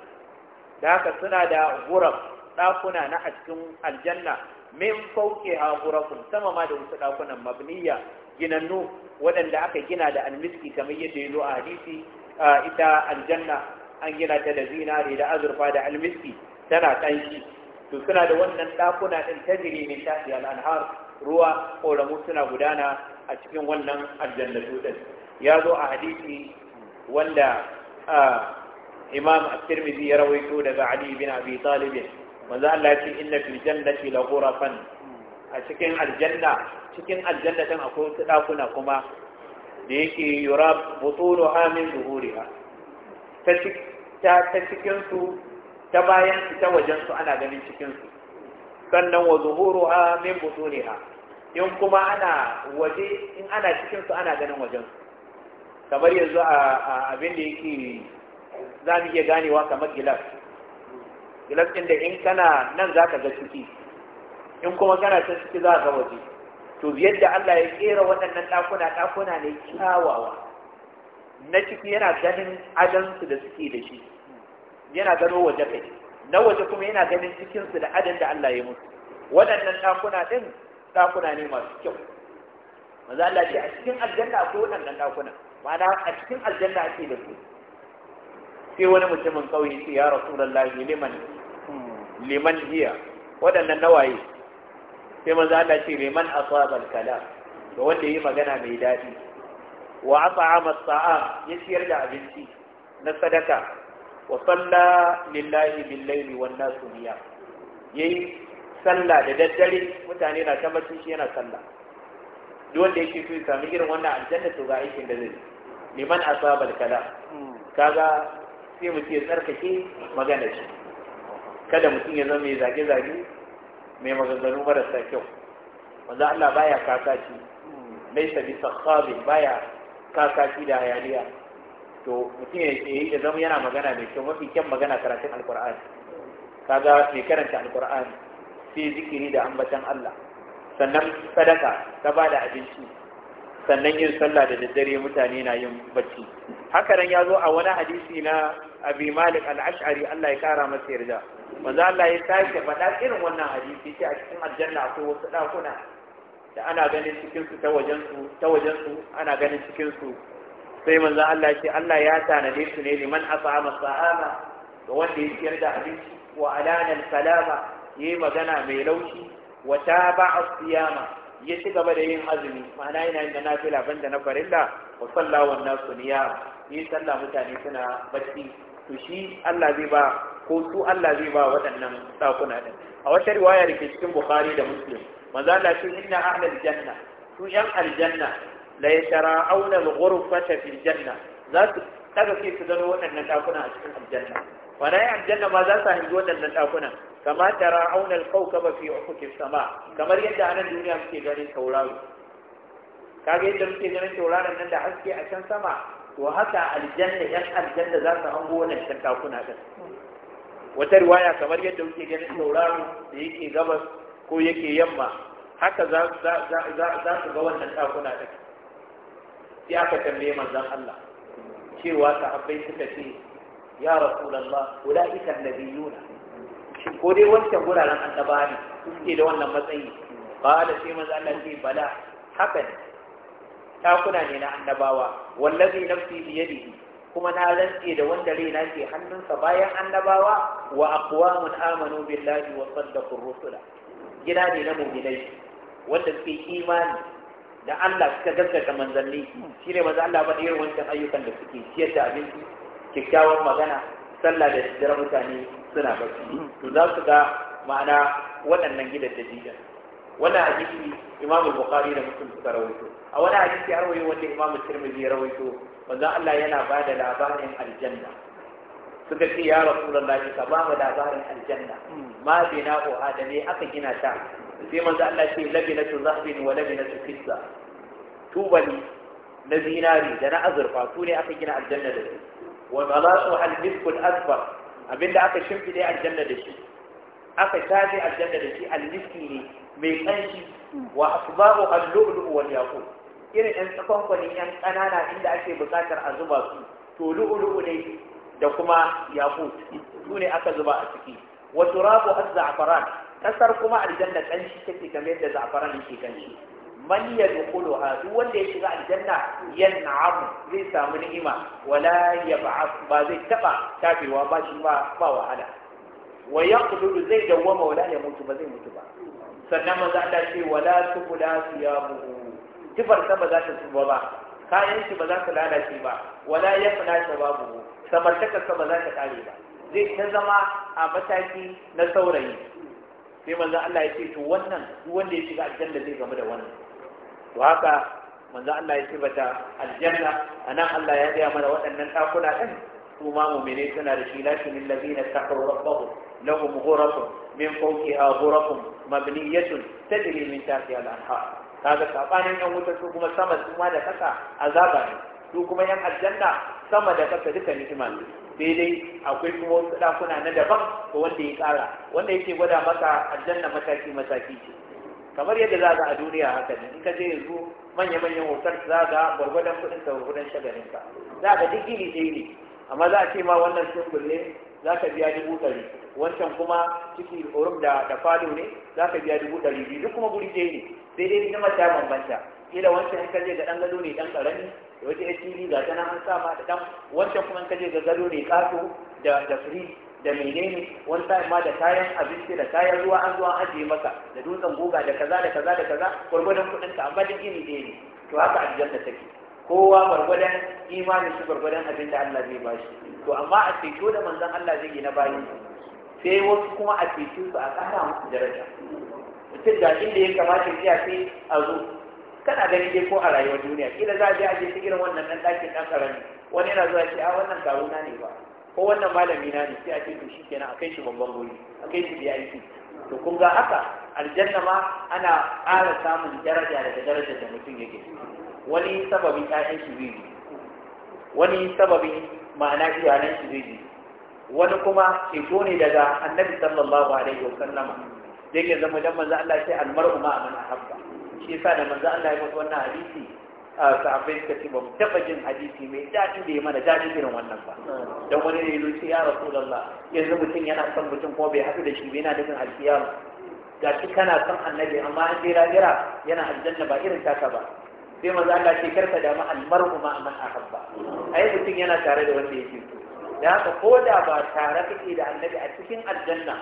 da haka suna da guraf ɗakuna na a cikin aljanna min fauke ha gurafun sama ma da wasu ɗakunan mabniya ginannu waɗanda aka gina da almiski kamar yadda ya zo a hadisi ita aljanna an gina ta da zinare da azurfa da almiski tana ƙanshi to suna da wannan ɗakuna ɗin ta min tafi al'anhar ruwa ƙoramu suna gudana a cikin wannan aljannatu ɗin ya zo a hadisi wanda imam at-tirmidhi ya rawaito daga ali bin abi talib manzo Allah ya ce inna fil jannati la ghurafan a cikin aljanna cikin aljanna tan akwai wasu dakuna kuma da yake yura butuluha min zuhuriha ta ta ta cikin su ta bayan su ta wajen su ana ganin cikin su sannan wa zuhuruha min butuniha in kuma ana waje in ana cikin su ana ganin wajen su kamar yanzu a abin da yake za mu iya ganewa kamar gilas gilas ɗin da in kana nan za ka ga ciki in kuma kana can ciki za ka waje to yadda Allah ya kera waɗannan ɗakuna ɗakuna ne kyawawa na ciki yana ganin adansu da suke da shi yana gano waje kai na waje kuma yana ganin cikinsu da adan da Allah ya mutu. waɗannan ɗakuna ɗin ɗakuna ne masu kyau maza Allah ce a cikin aljanna akwai waɗannan ɗakuna ma'ana a cikin aljanna ake da su sai wani mutumin kauye ce ya rasulullahi liman liman hiya waɗannan nawaye sai manzo Allah ce liman asaba al-kalam To wanda yi magana mai daɗi wa at'ama as-sa'a ya ciyar da abinci na sadaka wa salla lillahi bil layli wan nasu niya yayi sallah da daddare mutane na ta bacci shi yana sallah duk wanda yake so ya sami irin wannan aljanna to ga aikin da zai liman asaba al-kalam kaga sai mutum ya tsarkake magana shi kada mutum ya zama mai zage-zage mai maganganu marasa kyau wanda Allah baya kakaci mai sabi sakhabi baya kakaci da hayaniya to mutum ya yi da zama yana magana mai kyau mafi kyan magana karatun Ka kaga mai karanta alkur'ani sai zikiri da ambatan Allah sannan sadaka ta da abinci sannan yin sallah da daddare mutane na yin bacci haka nan ya zo a wani hadisi na abi malik al-ash'ari Allah ya kara masa yarda manzo Allah ya sake faɗa irin wannan hadisi ce a cikin aljanna akwai wasu ɗakuna da ana ganin cikin su ta wajen su ta wajen su ana ganin cikin su sai manzo Allah ya ce Allah ya tanade su ne liman asama sa'ama ga wanda ya ciyar da abinci wa alanan salama yayi magana mai laushi wa taba'a siyama ya ci gaba da yin azumi ma'ana yana yin da nafila banda na farilla wa sallawan nasu niya yi sallah mutane suna bacci to shi Allah zai ba ko su Allah zai ba waɗannan ɗakuna ɗin a wata riwaya da ke cikin Bukhari da Muslim manzo Allah shi inna ahlal janna su yan aljanna la auna al-ghurfata fil janna za su daga ke su gano waɗannan ɗakuna a cikin aljanna wannan aljanna ma za su hangi waɗannan ɗakunan kama tara'un al-kawkaba fi ufuqis sama kamar yadda anan duniya muke ganin tauraro kaga yadda muke ganin tauraron nan da haske a can sama to haka aljanna yan aljanna za su hango wannan can dakuna din wata riwaya kamar yadda muke ganin tauraro da yake gabas ko yake yamma haka za su ga wannan dakuna din sai aka tambaye manzon Allah cewa sahabbai suka ce ya rasulullah ulaika nabiyuna ko dai wancan wuraren annaba ne suke da wannan matsayi ba da sai maza Allah ce bala haka ne takuna ne na annabawa wallazi nafsi bi yadihi kuma na rantse da wanda raina ke hannunsa bayan annabawa wa aqwamun amanu billahi wa saddaqu rusula gida ne na mu'minai wanda suke imani da Allah suka gaskata manzanni shine maza Allah ba da yawan wancan ayyukan da suke ciyar da abinci kikkiawar magana sallah da jira mutane suna bacci to za su ga ma'ana waɗannan gidan da jiyan wannan hadisi imamu bukhari da muslim suka rawaito a wani hadisi har wayo wanda imamu tirmidhi ya rawaito manzon Allah yana ba da labarin aljanna suka ce ya rasulullahi ka ba mu labarin aljanna ma bina ko adame aka gina ta sai manzo Allah ce labinatu zahbin wa labinatu fidda tubali na zinari da na azurfa su ne aka gina aljanna da su wa zalatu hal miskul asfar abinda aka shimfide aljanna da shi aka tafi aljanna da shi almiski ne mai kanshi wa asbaru al-lu'lu wal yaqut irin ɗan tsakon kwanin yan ƙanana inda ake buƙatar a zuba su to lu'lu'u ne da kuma yaqut su ne aka zuba a ciki wa turabu az-za'faran kasar kuma aljanna kanshi take kamar yadda za'faran yake kanshi man ha duk wanda ya shiga aljanna yan'am zai samu ni'ima wala ya ba zai taba tabewa ba shi ba ba wahala wa yaqdudu zai dawwama wala ya mutu ba zai mutu ba sannan maza Allah ce wala ya buhu tufar ta ba za ta tuba ba kayan shi ba za ta lalace ba wala ba buhu samartakar ka ba za ta kare ba zai ta zama a mataki na saurayi sai manzon Allah ya ce to wannan duk wanda ya shiga aljanna zai gamu da wannan to haka manzo Allah ya sibata aljanna anan Allah ya gaya mana waɗannan takuna din su ma mu'mini suna da shi lakin lillazina taqaw rabbahum lahum ghurafun min fawqiha ghurafun mabniyatun tajri min tahtiha al-anhar kaga sabanin yan wuta su kuma sama su ma da kasa azaba ne su kuma yan aljanna sama da kasa duka ni'ima ne sai dai akwai kuma wasu ɗakuna na daban ko wanda ya ƙara wanda yake gwada maka aljanna mataki mataki ce kamar yadda za ga a duniya haka ne in ka je yanzu manya-manyan hotel za ga gwargwadon kuɗin ka gwargwadon shagalin ka za ga duk gini ɗaya ne amma za a ce ma wannan single ne za ka biya dubu ɗari wancan kuma ciki orum da da falo ne za ka biya dubu ɗari biyu duk kuma guri ɗaya ne sai dai na mata bambanta kila wancan in ka je ga ɗan gado ne ɗan ƙarami da wata stv ga ta nan an sa ma da ɗan wancan kuma in ka je ga gado ne ƙato da da free da menene wani sa'in ma da kayan abinci da kayan ruwa an zuwa ajiye maka da dutsen guga da kaza da kaza da kaza gwargwadon kuɗin ka amma duk iri ne to haka aljanna take kowa gwargwadon imanin shi gwargwadon abin da Allah zai bashi to amma a ceto da manzon Allah zai yi na bayan sai wasu kuma a ceto su a ƙara musu daraja mutum da inda ya kamata ya ce a zo kana ganin dai ko a rayuwar duniya kila za a je a je irin wannan ɗan ɗakin ɗan ƙarami wani yana zuwa ce a wannan kawuna ne ba ko wannan malami na ne sai a ce to shi kenan a kai shi babban guri a kai shi VIP to kun ga haka aljanna ma ana ƙara samun daraja daga darajar da mutum yake wani sababi ƴaƴan shi zai wani sababi ma'ana iyalan shi zai wani kuma ceto ne daga annabi sallallahu alaihi wa sallama da yake zama dan manzo Allah sai almar'u ma man ahabba shi yasa da manzo Allah ya faɗa wannan hadisi sahabbai suka ce ba mu taɓa jin hadisi mai daɗin da ya mana daɗin irin wannan ba don wani ne yanzu ya rasu yanzu mutum yana son mutum kuma bai haɗu da shi bai yana nufin alkiyama ga shi kana son annabi amma an jira jira yana aljanna ba irin taka ba sai maza Allah ce karka damu almar'u ma man ahabba ai mutum yana tare da wanda yake so da haka ko da ba tare kake da annabi a cikin aljanna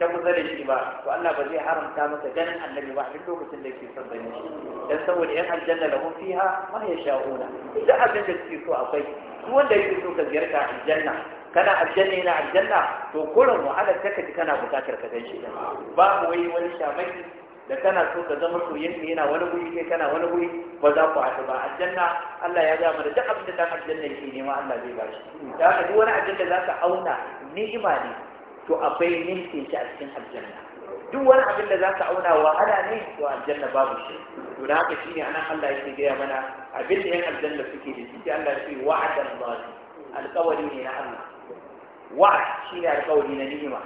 ta kusa da shi ba to Allah ba zai haramta masa ganin annabi ba duk lokacin da yake son ganin shi dan saboda yan aljanna lahum fiha ma ya yasha'una duk abin da suke so akwai duk wanda yake so ka ziyarta aljanna kana aljanna yana aljanna to kurin wahalar ta ka kana bukatar ka ganshi shi Ba babu wai wani shamaki da kana so ka zama ne yana wani guri kai kana wani guri ba za ku haɗu ba aljanna Allah ya gama da duk abin da dan aljanna yake nema Allah zai ba shi da haka duk wani aljanna za ka auna ni'ima ne to akwai ninkin shi a cikin aljanna duk wani abin da za ka auna wahala ne to aljanna babu shi to da haka shine anan Allah yake gaya mana abin da yan aljanna suke da shi Allah ya ce wa'adan Allah alƙawari ne na Allah wa'ad shine alƙawari na ni'ima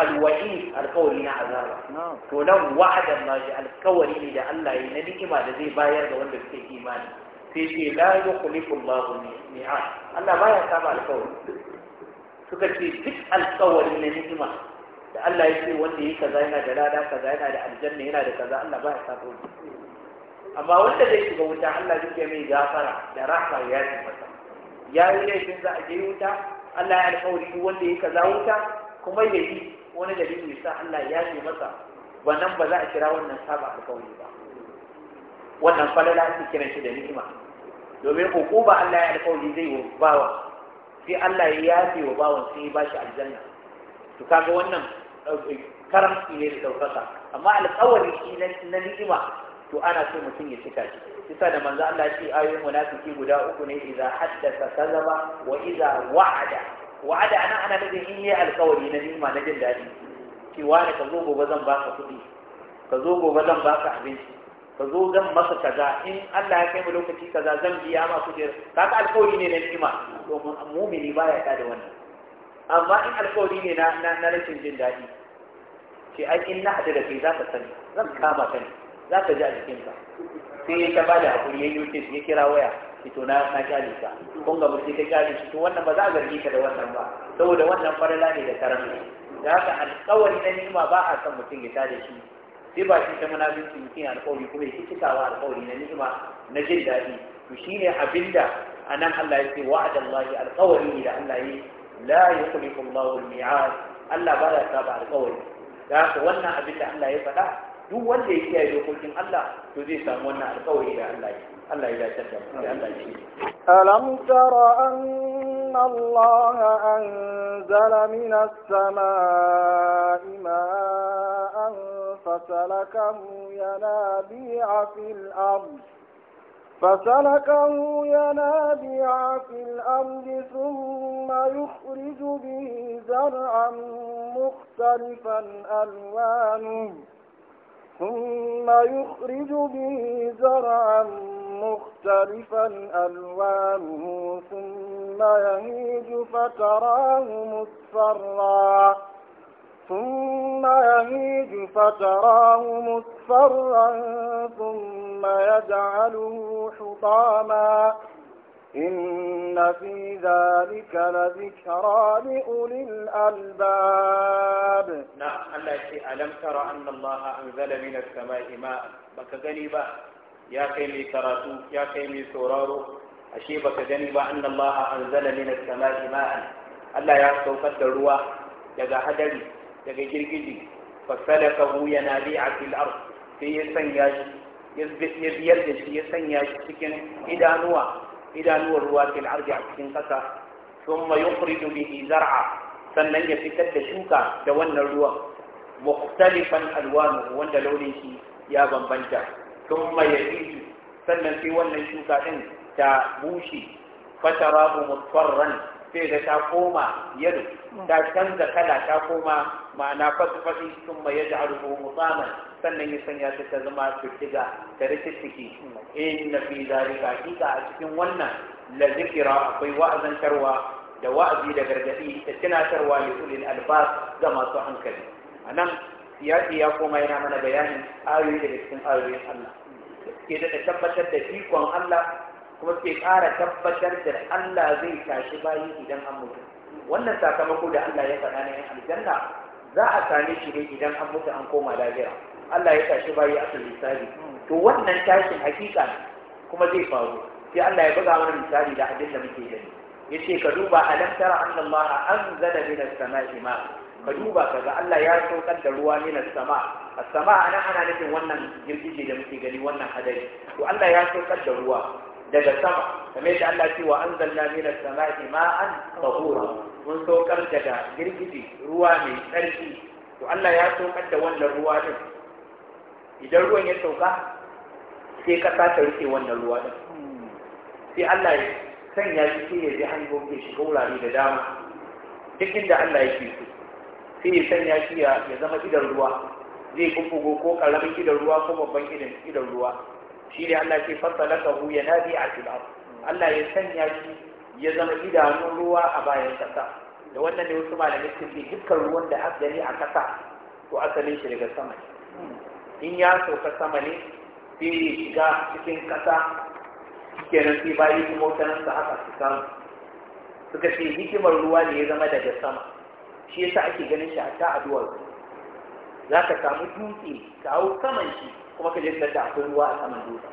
alwa'i alƙawari na azaba to nan wa'adan Allah alƙawari ne da Allah ya na ni'ima da zai bayar ga wanda suke imani sai ce la yukhlifu Allah mi'ad Allah baya saba alƙawari suka ce duk alƙawarin na ni'ima da Allah ya ce wanda yi kaza yana da rada kaza yana da aljanna yana da kaza Allah ba ya sa amma wanda zai shiga wuta Allah zai ce mai gafara da rahma ya ce masa ya yi laifin za a je wuta Allah ya alƙawari duk wanda yi kaza wuta kuma ya yi wani dalili ya sa Allah ya ce masa wannan ba za a kira wannan saba alƙawari ba wannan falala ake kiran shi da ni'ima domin hukuma Allah ya alƙawari zai ba wa sai Allah ya yafe wa bawan sai ya bashi aljanna to kaga wannan karamci ne da daukaka amma alƙawari shi na ni'ima to ana so mutum ya cika shi kisa da manzo Allah shi ayoyin munafiki guda uku ne idza haddasa kazaba wa idza wa'ada wa'ada ana ana nufin in yi alƙawari na ni'ima na jin daɗi cewa da ka zo gobe zan baka kuɗi ka zo gobe zan baka abinci ka zo zan masa kaza in Allah ya kai mu lokaci kaza zan biya ma kujer kaga alƙawari ne na ni'ima to mu'mini baya ka da wannan amma in alƙawari ne na na rashin jin daɗi ce ai in na hada da kai za ka sani zan kama ka ne za ka ji a ka. sai ya ta bada hakuri ya yi ya kira waya fito na na kyale ka kun ga mutum ka kyale shi to wannan ba za a zargi ka da wannan ba saboda wannan farala ne da karami da haka alƙawari na nima ba a son mutum ya tada shi sai ba shi ta munafinci mutum alƙawari kuma ya cikawa alƙawari na ni'ima na jin daɗi to shine abinda nan Allah ya ce wa'adallahi alƙawari ne da Allah ya la yukhlifu Allahu al-mi'ad Allah ba ya saba alƙawari da haka wannan abinda Allah ya faɗa duk wanda ya kiyaye dokokin Allah to zai samu wannan alƙawari da Allah ya da, الله إذا تكلم ألم تر أن الله أنزل من السماء ماء فسلكه ينابيع في الأرض فسلكه ينابيع في الأرض ثم يخرج به زرعا مختلفا ألوانه ثم يخرج به زرعا مختلفا ألوانه ثم يهيج فتراه مصفرا ثم يهيج فتراه مصفرا ثم يجعله حطاما إن في ذلك لذكرى لأولي الألباب نعم التي ألم ترى أن الله أنزل من السماء ماء بكذنبا يا كيمي كراتو يا كيمي سورارو أشي بكذنبا أن الله أنزل من السماء ماء الله يا سوكت الروا يا هدري daga girgiji fasalakahu yanali a fil sai ya sanya shi ya biyar da shi ya sanya shi cikin idanuwa idanuwar ruwa fil a cikin kasa thumma yukhriju bihi zar'a sannan ya fitar da shuka da wannan mukhtalifan alwanu wanda launin shi ya bambanta thumma yaqidu sannan sai wannan shuka din ta bushe fatarahu sai da ta koma yalo ta canza kala ta koma ma'ana fasfasi sun mai ya ja'aruhu mutsaman sannan ya sanya ta ta zama firtiga da rikittiki in na fi zalika hakika a cikin wannan la zikira akwai wa'azantarwa da wa'azi da gargadi da tunatarwa li ulil albas ga masu hankali anan siyasi ya koma yana mana bayanin ayoyi daga cikin ayoyin Allah ke da tabbatar da ikon Allah kuma ke ƙara tabbatar da Allah zai tashi bayi idan an mutu wannan sakamako da Allah ya faɗa na yan aljanna za a same shi ne idan an mutu an koma lafiya. Allah ya tashi bayi aka misali to wannan tashin hakika kuma zai faru sai Allah ya buga wani misali da hadin da muke gani yace ka duba alam tara anna Allah anzala min as-sama'i ma ka duba kaga Allah ya saukar da ruwa min as-sama as-sama ana ana nufin wannan girgije da muke gani wannan hadari to Allah ya saukar da ruwa daga sama kamar yadda Allah ce wa anzalna minas sama'i ma'an tahura mun saukar daga girgiji ruwa mai tsarki to Allah ya saukar da wannan ruwa din idan ruwan ya sauka sai kasa ta rike wannan ruwa din sai Allah ya sanya shi sai ya ji hanyoyi shi shiga wurare da dama duk inda Allah yake so sai ya sanya shi ya zama idan ruwa zai bubbugo ko karamin idan ruwa ko babban idan idan ruwa shi ne Allah ke ya yanadi a fil Allah ya sanya shi ya zama idanun ruwa a bayan kasa da wannan ne wasu malamai su ke dukkan ruwan da aka gani a kasa to asalin shi daga sama in ya sauka sama ne sai ya shiga cikin kasa kenan sai bayi kuma nan sa haka su samu suka ce hikimar ruwa ne ya zama daga sama shi yasa ake ganin shi a ta'aduwar za ka samu dutse ka hau saman shi kuma ka je ka ta akwai ruwa a saman dutse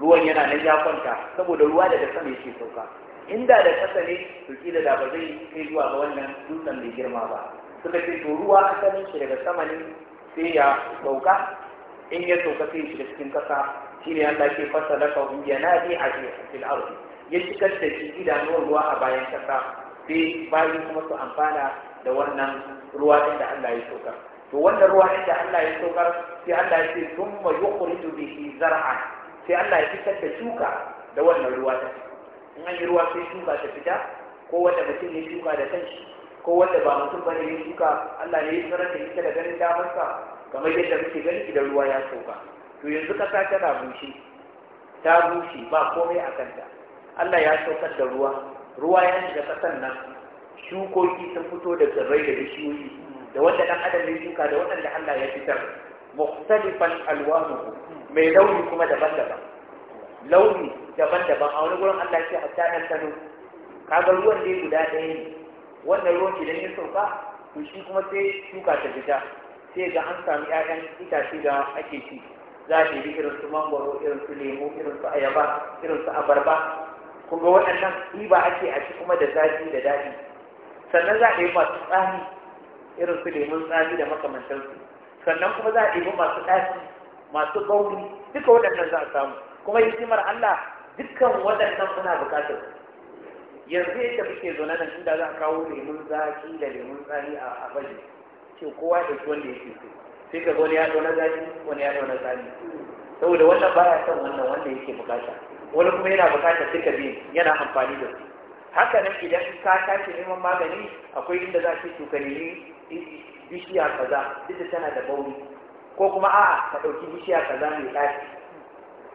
ruwan yana nan ya kwanta saboda ruwa daga sama yake sauka inda da kasa ne to kila da ba zai kai zuwa ga wannan dutsen mai girma ba suka ce to ruwa asalin shi daga sama ne sai ya sauka in ya sauka sai shi da cikin kasa shi ne Allah ke fasa da ka hundiya na bi a cikin ardi ya shigar da shi idanuwar ruwa a bayan kasa sai bayi kuma su amfana da wannan ruwa inda da Allah ya sauka to wannan ruwa da Allah ya saukar sai Allah ya ce thumma yukhriju bihi zar'an sai Allah ya fitar da shuka da wannan ruwa ta in an yi ruwa sai shuka ta fita ko wanda mutum ne shuka da kanshi ko wanda ba mutum bane ne shuka Allah ne ya sanar da ita da ganin sa? kamar yadda muke gani idan ruwa ya sauka to yanzu kasa tana bushe ta bushe ba komai a kanta Allah ya saukar da ruwa ruwa ya shiga kasan nan shukoki sun fito da tsirrai da bishiyoyi da wanda dan adam ya shuka da wanda Allah ya fitar mukhtalifan alwanu mai launi kuma daban-daban launi daban-daban a wani gurin Allah ya hatta nan sanu kaga ruwan da guda ɗaya ne wannan ruwan idan ya sauka to shi kuma sai shuka ta fita sai ga an samu ƴaƴan itace da ake ci za a yi irin su mangoro irin su lemu irin su ayaba irin su abarba kuma waɗannan riba ake a ci kuma da zafi da daɗi sannan za a yi masu tsami irin su lemun tsami da makamantansu sannan kuma za a ɗebi masu ɗaci masu ɓauri duka waɗannan za a samu kuma hikimar Allah dukkan waɗannan suna buƙatar yanzu yadda muke zaune nan inda za a kawo lemun zaki da lemun tsami a abaji ce kowa da ɗauki wanda yake so sai ka wani ya zaune zaki wani ya zaune tsami saboda wannan baya son wannan wanda yake buƙata wani kuma yana buƙatar duka biyu yana amfani da su haka nan idan ka tashi neman magani akwai inda za ki tuka nemi bishiya kaza duk da tana da bauri ko kuma a'a ka ɗauki bishiya kaza mai tsafi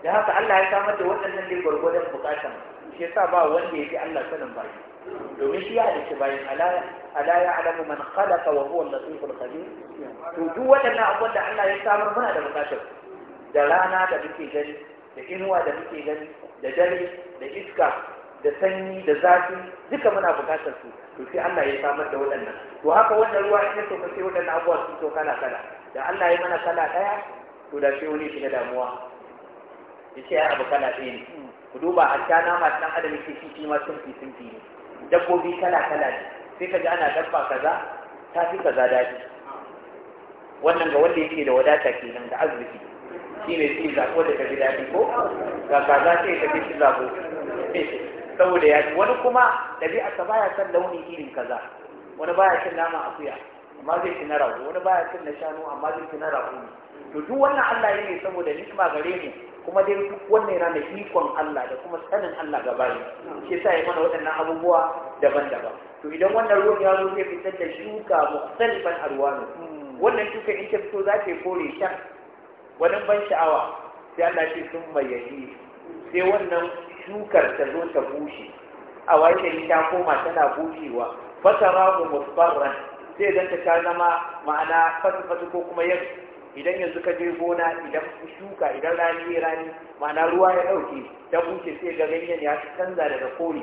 da haka Allah ya samar da waɗannan dai gwargwadon bukatan shi yasa ba wanda ya fi Allah sanin ba. domin shi ya halicci bayan ala ya alamu man khalaqa wa huwa al-latiful khabir to duk waɗannan abubuwan da Allah ya samar muna da bukatar da rana da muke gani da inuwa da muke gani da dare da iska da sanyi da zafi duka muna bukatar su to sai Allah ya samar da waɗannan to haka wannan ruwa in ya sauka sai waɗannan abubuwa sun sauka kala kala da Allah ya mana kala ɗaya to da sai wani shiga damuwa ya ce ai abu kala ɗaya ne ku duba hatta nama ɗan adam yake shi shi ma sun fi sun fi ne dabbobi kala kala ne sai ka ji ana dabba kaza ta fi kaza daji. wannan ga wanda yake da wadata kenan da arziki shi ne sai zaɓo da ka ji daɗi ko ga kaza sai ka ji shi zaɓo saboda ya wani kuma ta baya son launi irin kaza wani baya cin nama akuya amma zai ci na rago wani baya cin na shanu amma zai ci na rago to duk wannan Allah yi ne saboda nima gare mu kuma dai duk wannan yana da ikon Allah da kuma sanin Allah gaba ne shi yasa ya mana waɗannan abubuwa daban-daban to idan wannan ruwan ya zo zai fitar da shuka mukhtalifan alwanu wannan shuka in ta fito za ta yi kore shan wani ban sha'awa sai Allah ce sun mayyani sai wannan shukar ta zo ta bushe a yi ta koma tana bushewa fatara rahu musbarran sai dan ta zama ma'ana fatu ko kuma yanzu. idan yanzu ka je gona idan shuka idan rani rani ma'ana ruwa ya dauke ta bushe sai ga ganyen ya canza daga kore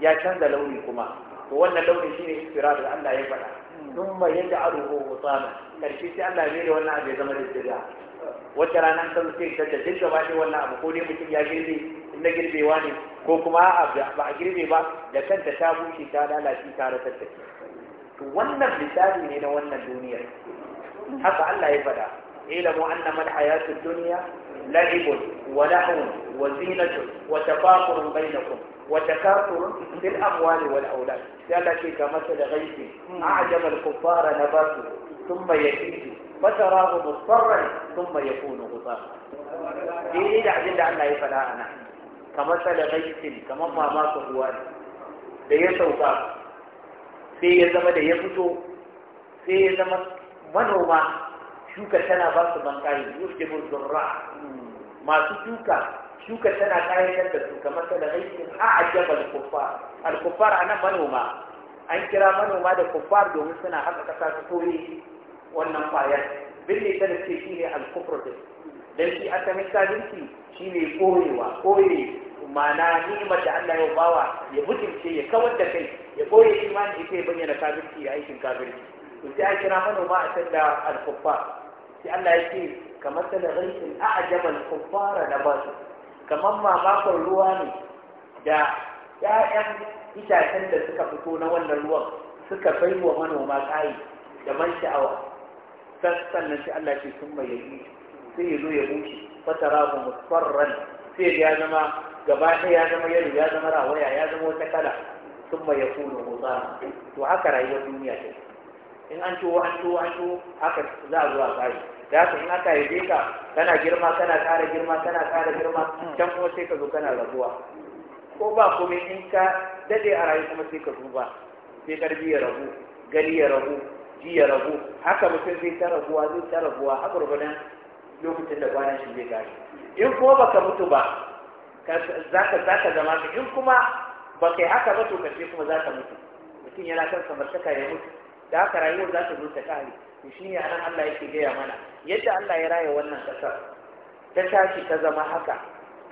ya canza launi kuma to wannan launin shine istirahu da Allah ya faɗa thumma yaj'aluhu hutama karshe sai Allah ya mai da wannan abu ya zama da wata rana kan sai ta da duk gaba wannan abu ko dai mutum ya girbe na girbewa ne ko kuma a'a ba a girbe ba da kanta ta bushe ta lalace ta rasar da to wannan misali ne na wannan duniyar haka Allah ya faɗa ilamu anna man hayatud dunya la'ibun wa lahun wa zinatun wa tafaqurun bainakum وتكاثر في الأموال والأولاد ذلك كمثل غيث أعجب الكفار نباته ثم يكيد فتراه مضطرا ثم يكون غطاء إيه إذا عجل عنا يفلا أنا kamar salabaitin kamar mama ruwa ne da ya sauka sai ya zama da ya fito sai ya zama manoma shuka tana ba su bankari yusufin zurra masu shuka shuka tana kayan da su kamar salabaitin a ajiyar alkufar alkufar a nan manoma an kira manoma da kufar domin suna haka kasa su kore wannan kwayar birni ta da ce shi ne alkufar da shi asalin kalinci shi ne korewa kore ma'ana ni'imar da Allah ya bawa ya mutunce ya kawar da kai ya boye imani ya kai bayyana kafirci ya aikin kafirci to sai a kira manoma a can da kuffa sai Allah ya ce kamar sanar a'jaba al kuffara na su. kamar ma mamakon ruwa ne da ‘ya'yan itacen da suka fito na wannan ruwan suka bai wa manoma kayi da man sha'awa sannan sai Allah ya ce sun mai yayi sai ya zo ya bushe fatara musfarran sai ya zama gaba ɗaya ya zama yaro ya zama rawaya ya zama wata kala sun mai ya kuna motsa to haka rayuwar duniya ce in an ciwo an ciwo an ciwo haka za a zuwa tsari da haka in aka yaje ka kana girma kana ƙara girma kana ƙara girma can kuma sai ka zo kana rabuwa ko ba kuma in ka dade a rayu kuma sai ka duba sai karbi ya rabu gani ya rabu ji ya rabu haka mutum zai ta rabuwa zai ta rabuwa har gurgudan lokacin da kwanan shi zai gashi in kuma baka mutu ba zaka zaka zama ka in kuma ba kai haka ba to kace kuma zaka mutu mutum yana kan samartaka ya mutu da haka rayuwar za ta zo ta kare to shi ne anan Allah yake gaya mana yadda Allah ya raya wannan kasar ta tashi ta zama haka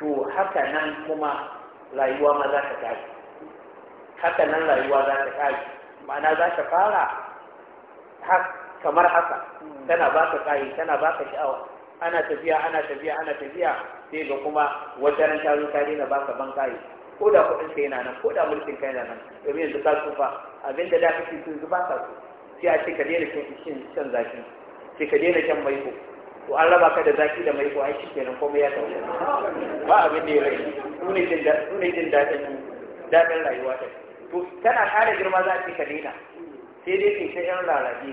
to haka nan kuma rayuwa ma za ta kare haka nan rayuwa za ta kare ma'ana za ta fara kamar haka hmm. tana baka kare tana baka sha'awa ana tafiya ana tafiya ana tafiya sai ga kuma wata ran ta zo ta dina baka bankai ko da kuɗin ka yana nan ko da mulkin ka yana nan domin yanzu ka tsufa abin da da kake so zuba ka so sai a ce ka daina cin shan zaki sai ka daina shan maiko to an raba ka da zaki da maiko ai shi kenan komai ya tafi ba abin da ya rai sune jin sune jin da dadin rayuwa ta to kana kare girma za ka daina sai dai ke ta yan rarrabe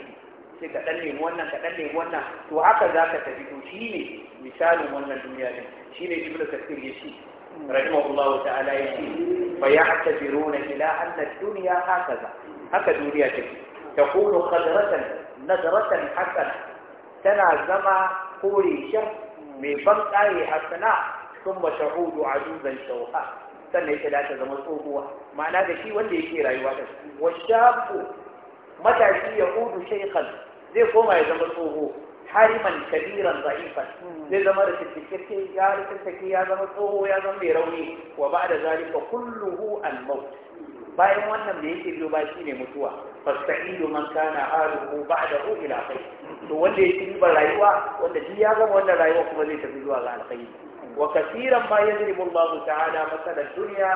sai ka dan nemi wannan ka dan nemi wannan to haka zaka tafi to shi ne misalin wannan duniya din shi ne ibnu kathir ya ce rahimahullahu ta'ala ya ce fa ya'tabiruna ila anna ad-dunya hakaza haka duniya take takunu khadratan nadratan hasan tana zama kore shi mai ban ƙare hasana ثم shahudu azizan شوها sannan ita ta zama tsohuwa ma'ana da shi wanda yake rayuwa ta washafu matashi ya hudu shaykhan zai koma ya zama tsoho hariman kabiran za'ifan zai zama da tattake ya tattake ya zama tsoho ya zama mai rauni wa ba da zalika kulluhu al-maut bayan wannan da yake biyo baki ne mutuwa fasta'idu man kana haluhu ba'dahu ila khair to wanda yake riba rayuwa wanda shi ya gama wannan rayuwa kuma zai tafi zuwa ga alkhairi wa kaseeran ma yadribu Allahu ta'ala masalan dunya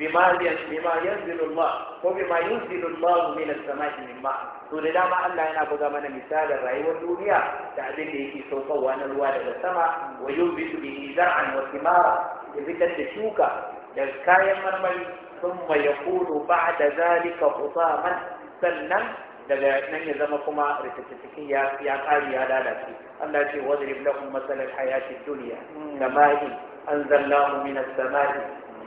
bima yanzilu Allah ko bima yunzilu Allah min as-sama'i min ma to da dama Allah yana buga mana misalin rayuwar duniya da abin da yake saukowa na ruwa daga sama wa yunbitu bihi zar'an wa thimara ya fitar da shuka da kayan marmari thumma ba ba'da zalika hutaman sannan daga nan ya zama kuma rikicin ya ya kare ya lalace Allah ce wadrib lahum masalan hayatid dunya kamahi anzalnahu minas sama'i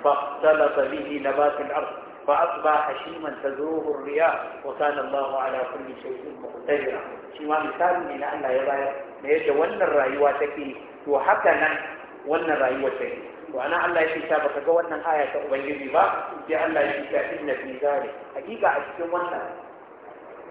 فاختلط به نبات الأرض فأصبح هشيما تزروه الرياح وكان الله على كل شيء مقتدرا shi ma misali ne na Allah ya bayar da yadda wannan rayuwa take to haka nan wannan rayuwa take to ana Allah ya ce ta baka ga wannan aya ta ubangiji ba sai Allah ya ce ta inna fi zari hakika a cikin wannan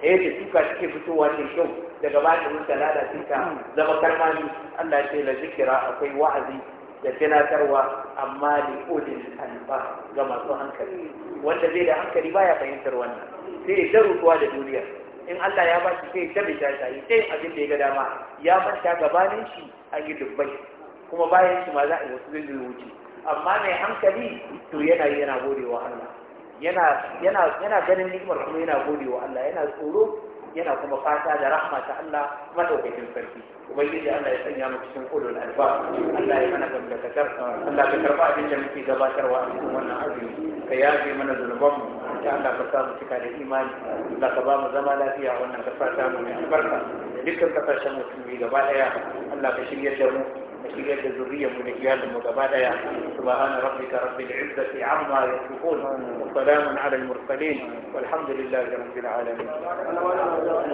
eh da suka take fitowa ce kyau daga bakin mutalala suka zama karmani Allah ya ce la zikira akwai wa'azi da tunatarwa amma da ulil alba ga masu hankali wanda zai da hankali baya fahimtar wannan sai ya darutuwa da duniya in Allah ya bashi sai ta bi ta sai abin da ya ga dama ya manta gabanin shi a yi kuma bayan shi ma za a yi wasu zai wuce amma mai hankali to yana yi yana gode wa Allah yana ganin ni'imar kuma yana gode wa Allah yana tsoro yana kuma fata da rahma ta Allah madaukakin sarki وبلجي أنا يسني أنا بسم قول الألفاء ألا يمنى قم تتكر ألا تتربع في جمتي دباشر وأنتم وأنا عزي كياجي من الظلمهم كألا فساد فيك على الإيمان لا تبام زمالا فيها وأنا تفرع من أكبرك لكم تفرشم في دباشر ألا بشمية جمو بشمية جزورية من إجيال المدبالة سبحان ربك رب العزة عما يصفون وسلام على المرسلين والحمد لله رب العالمين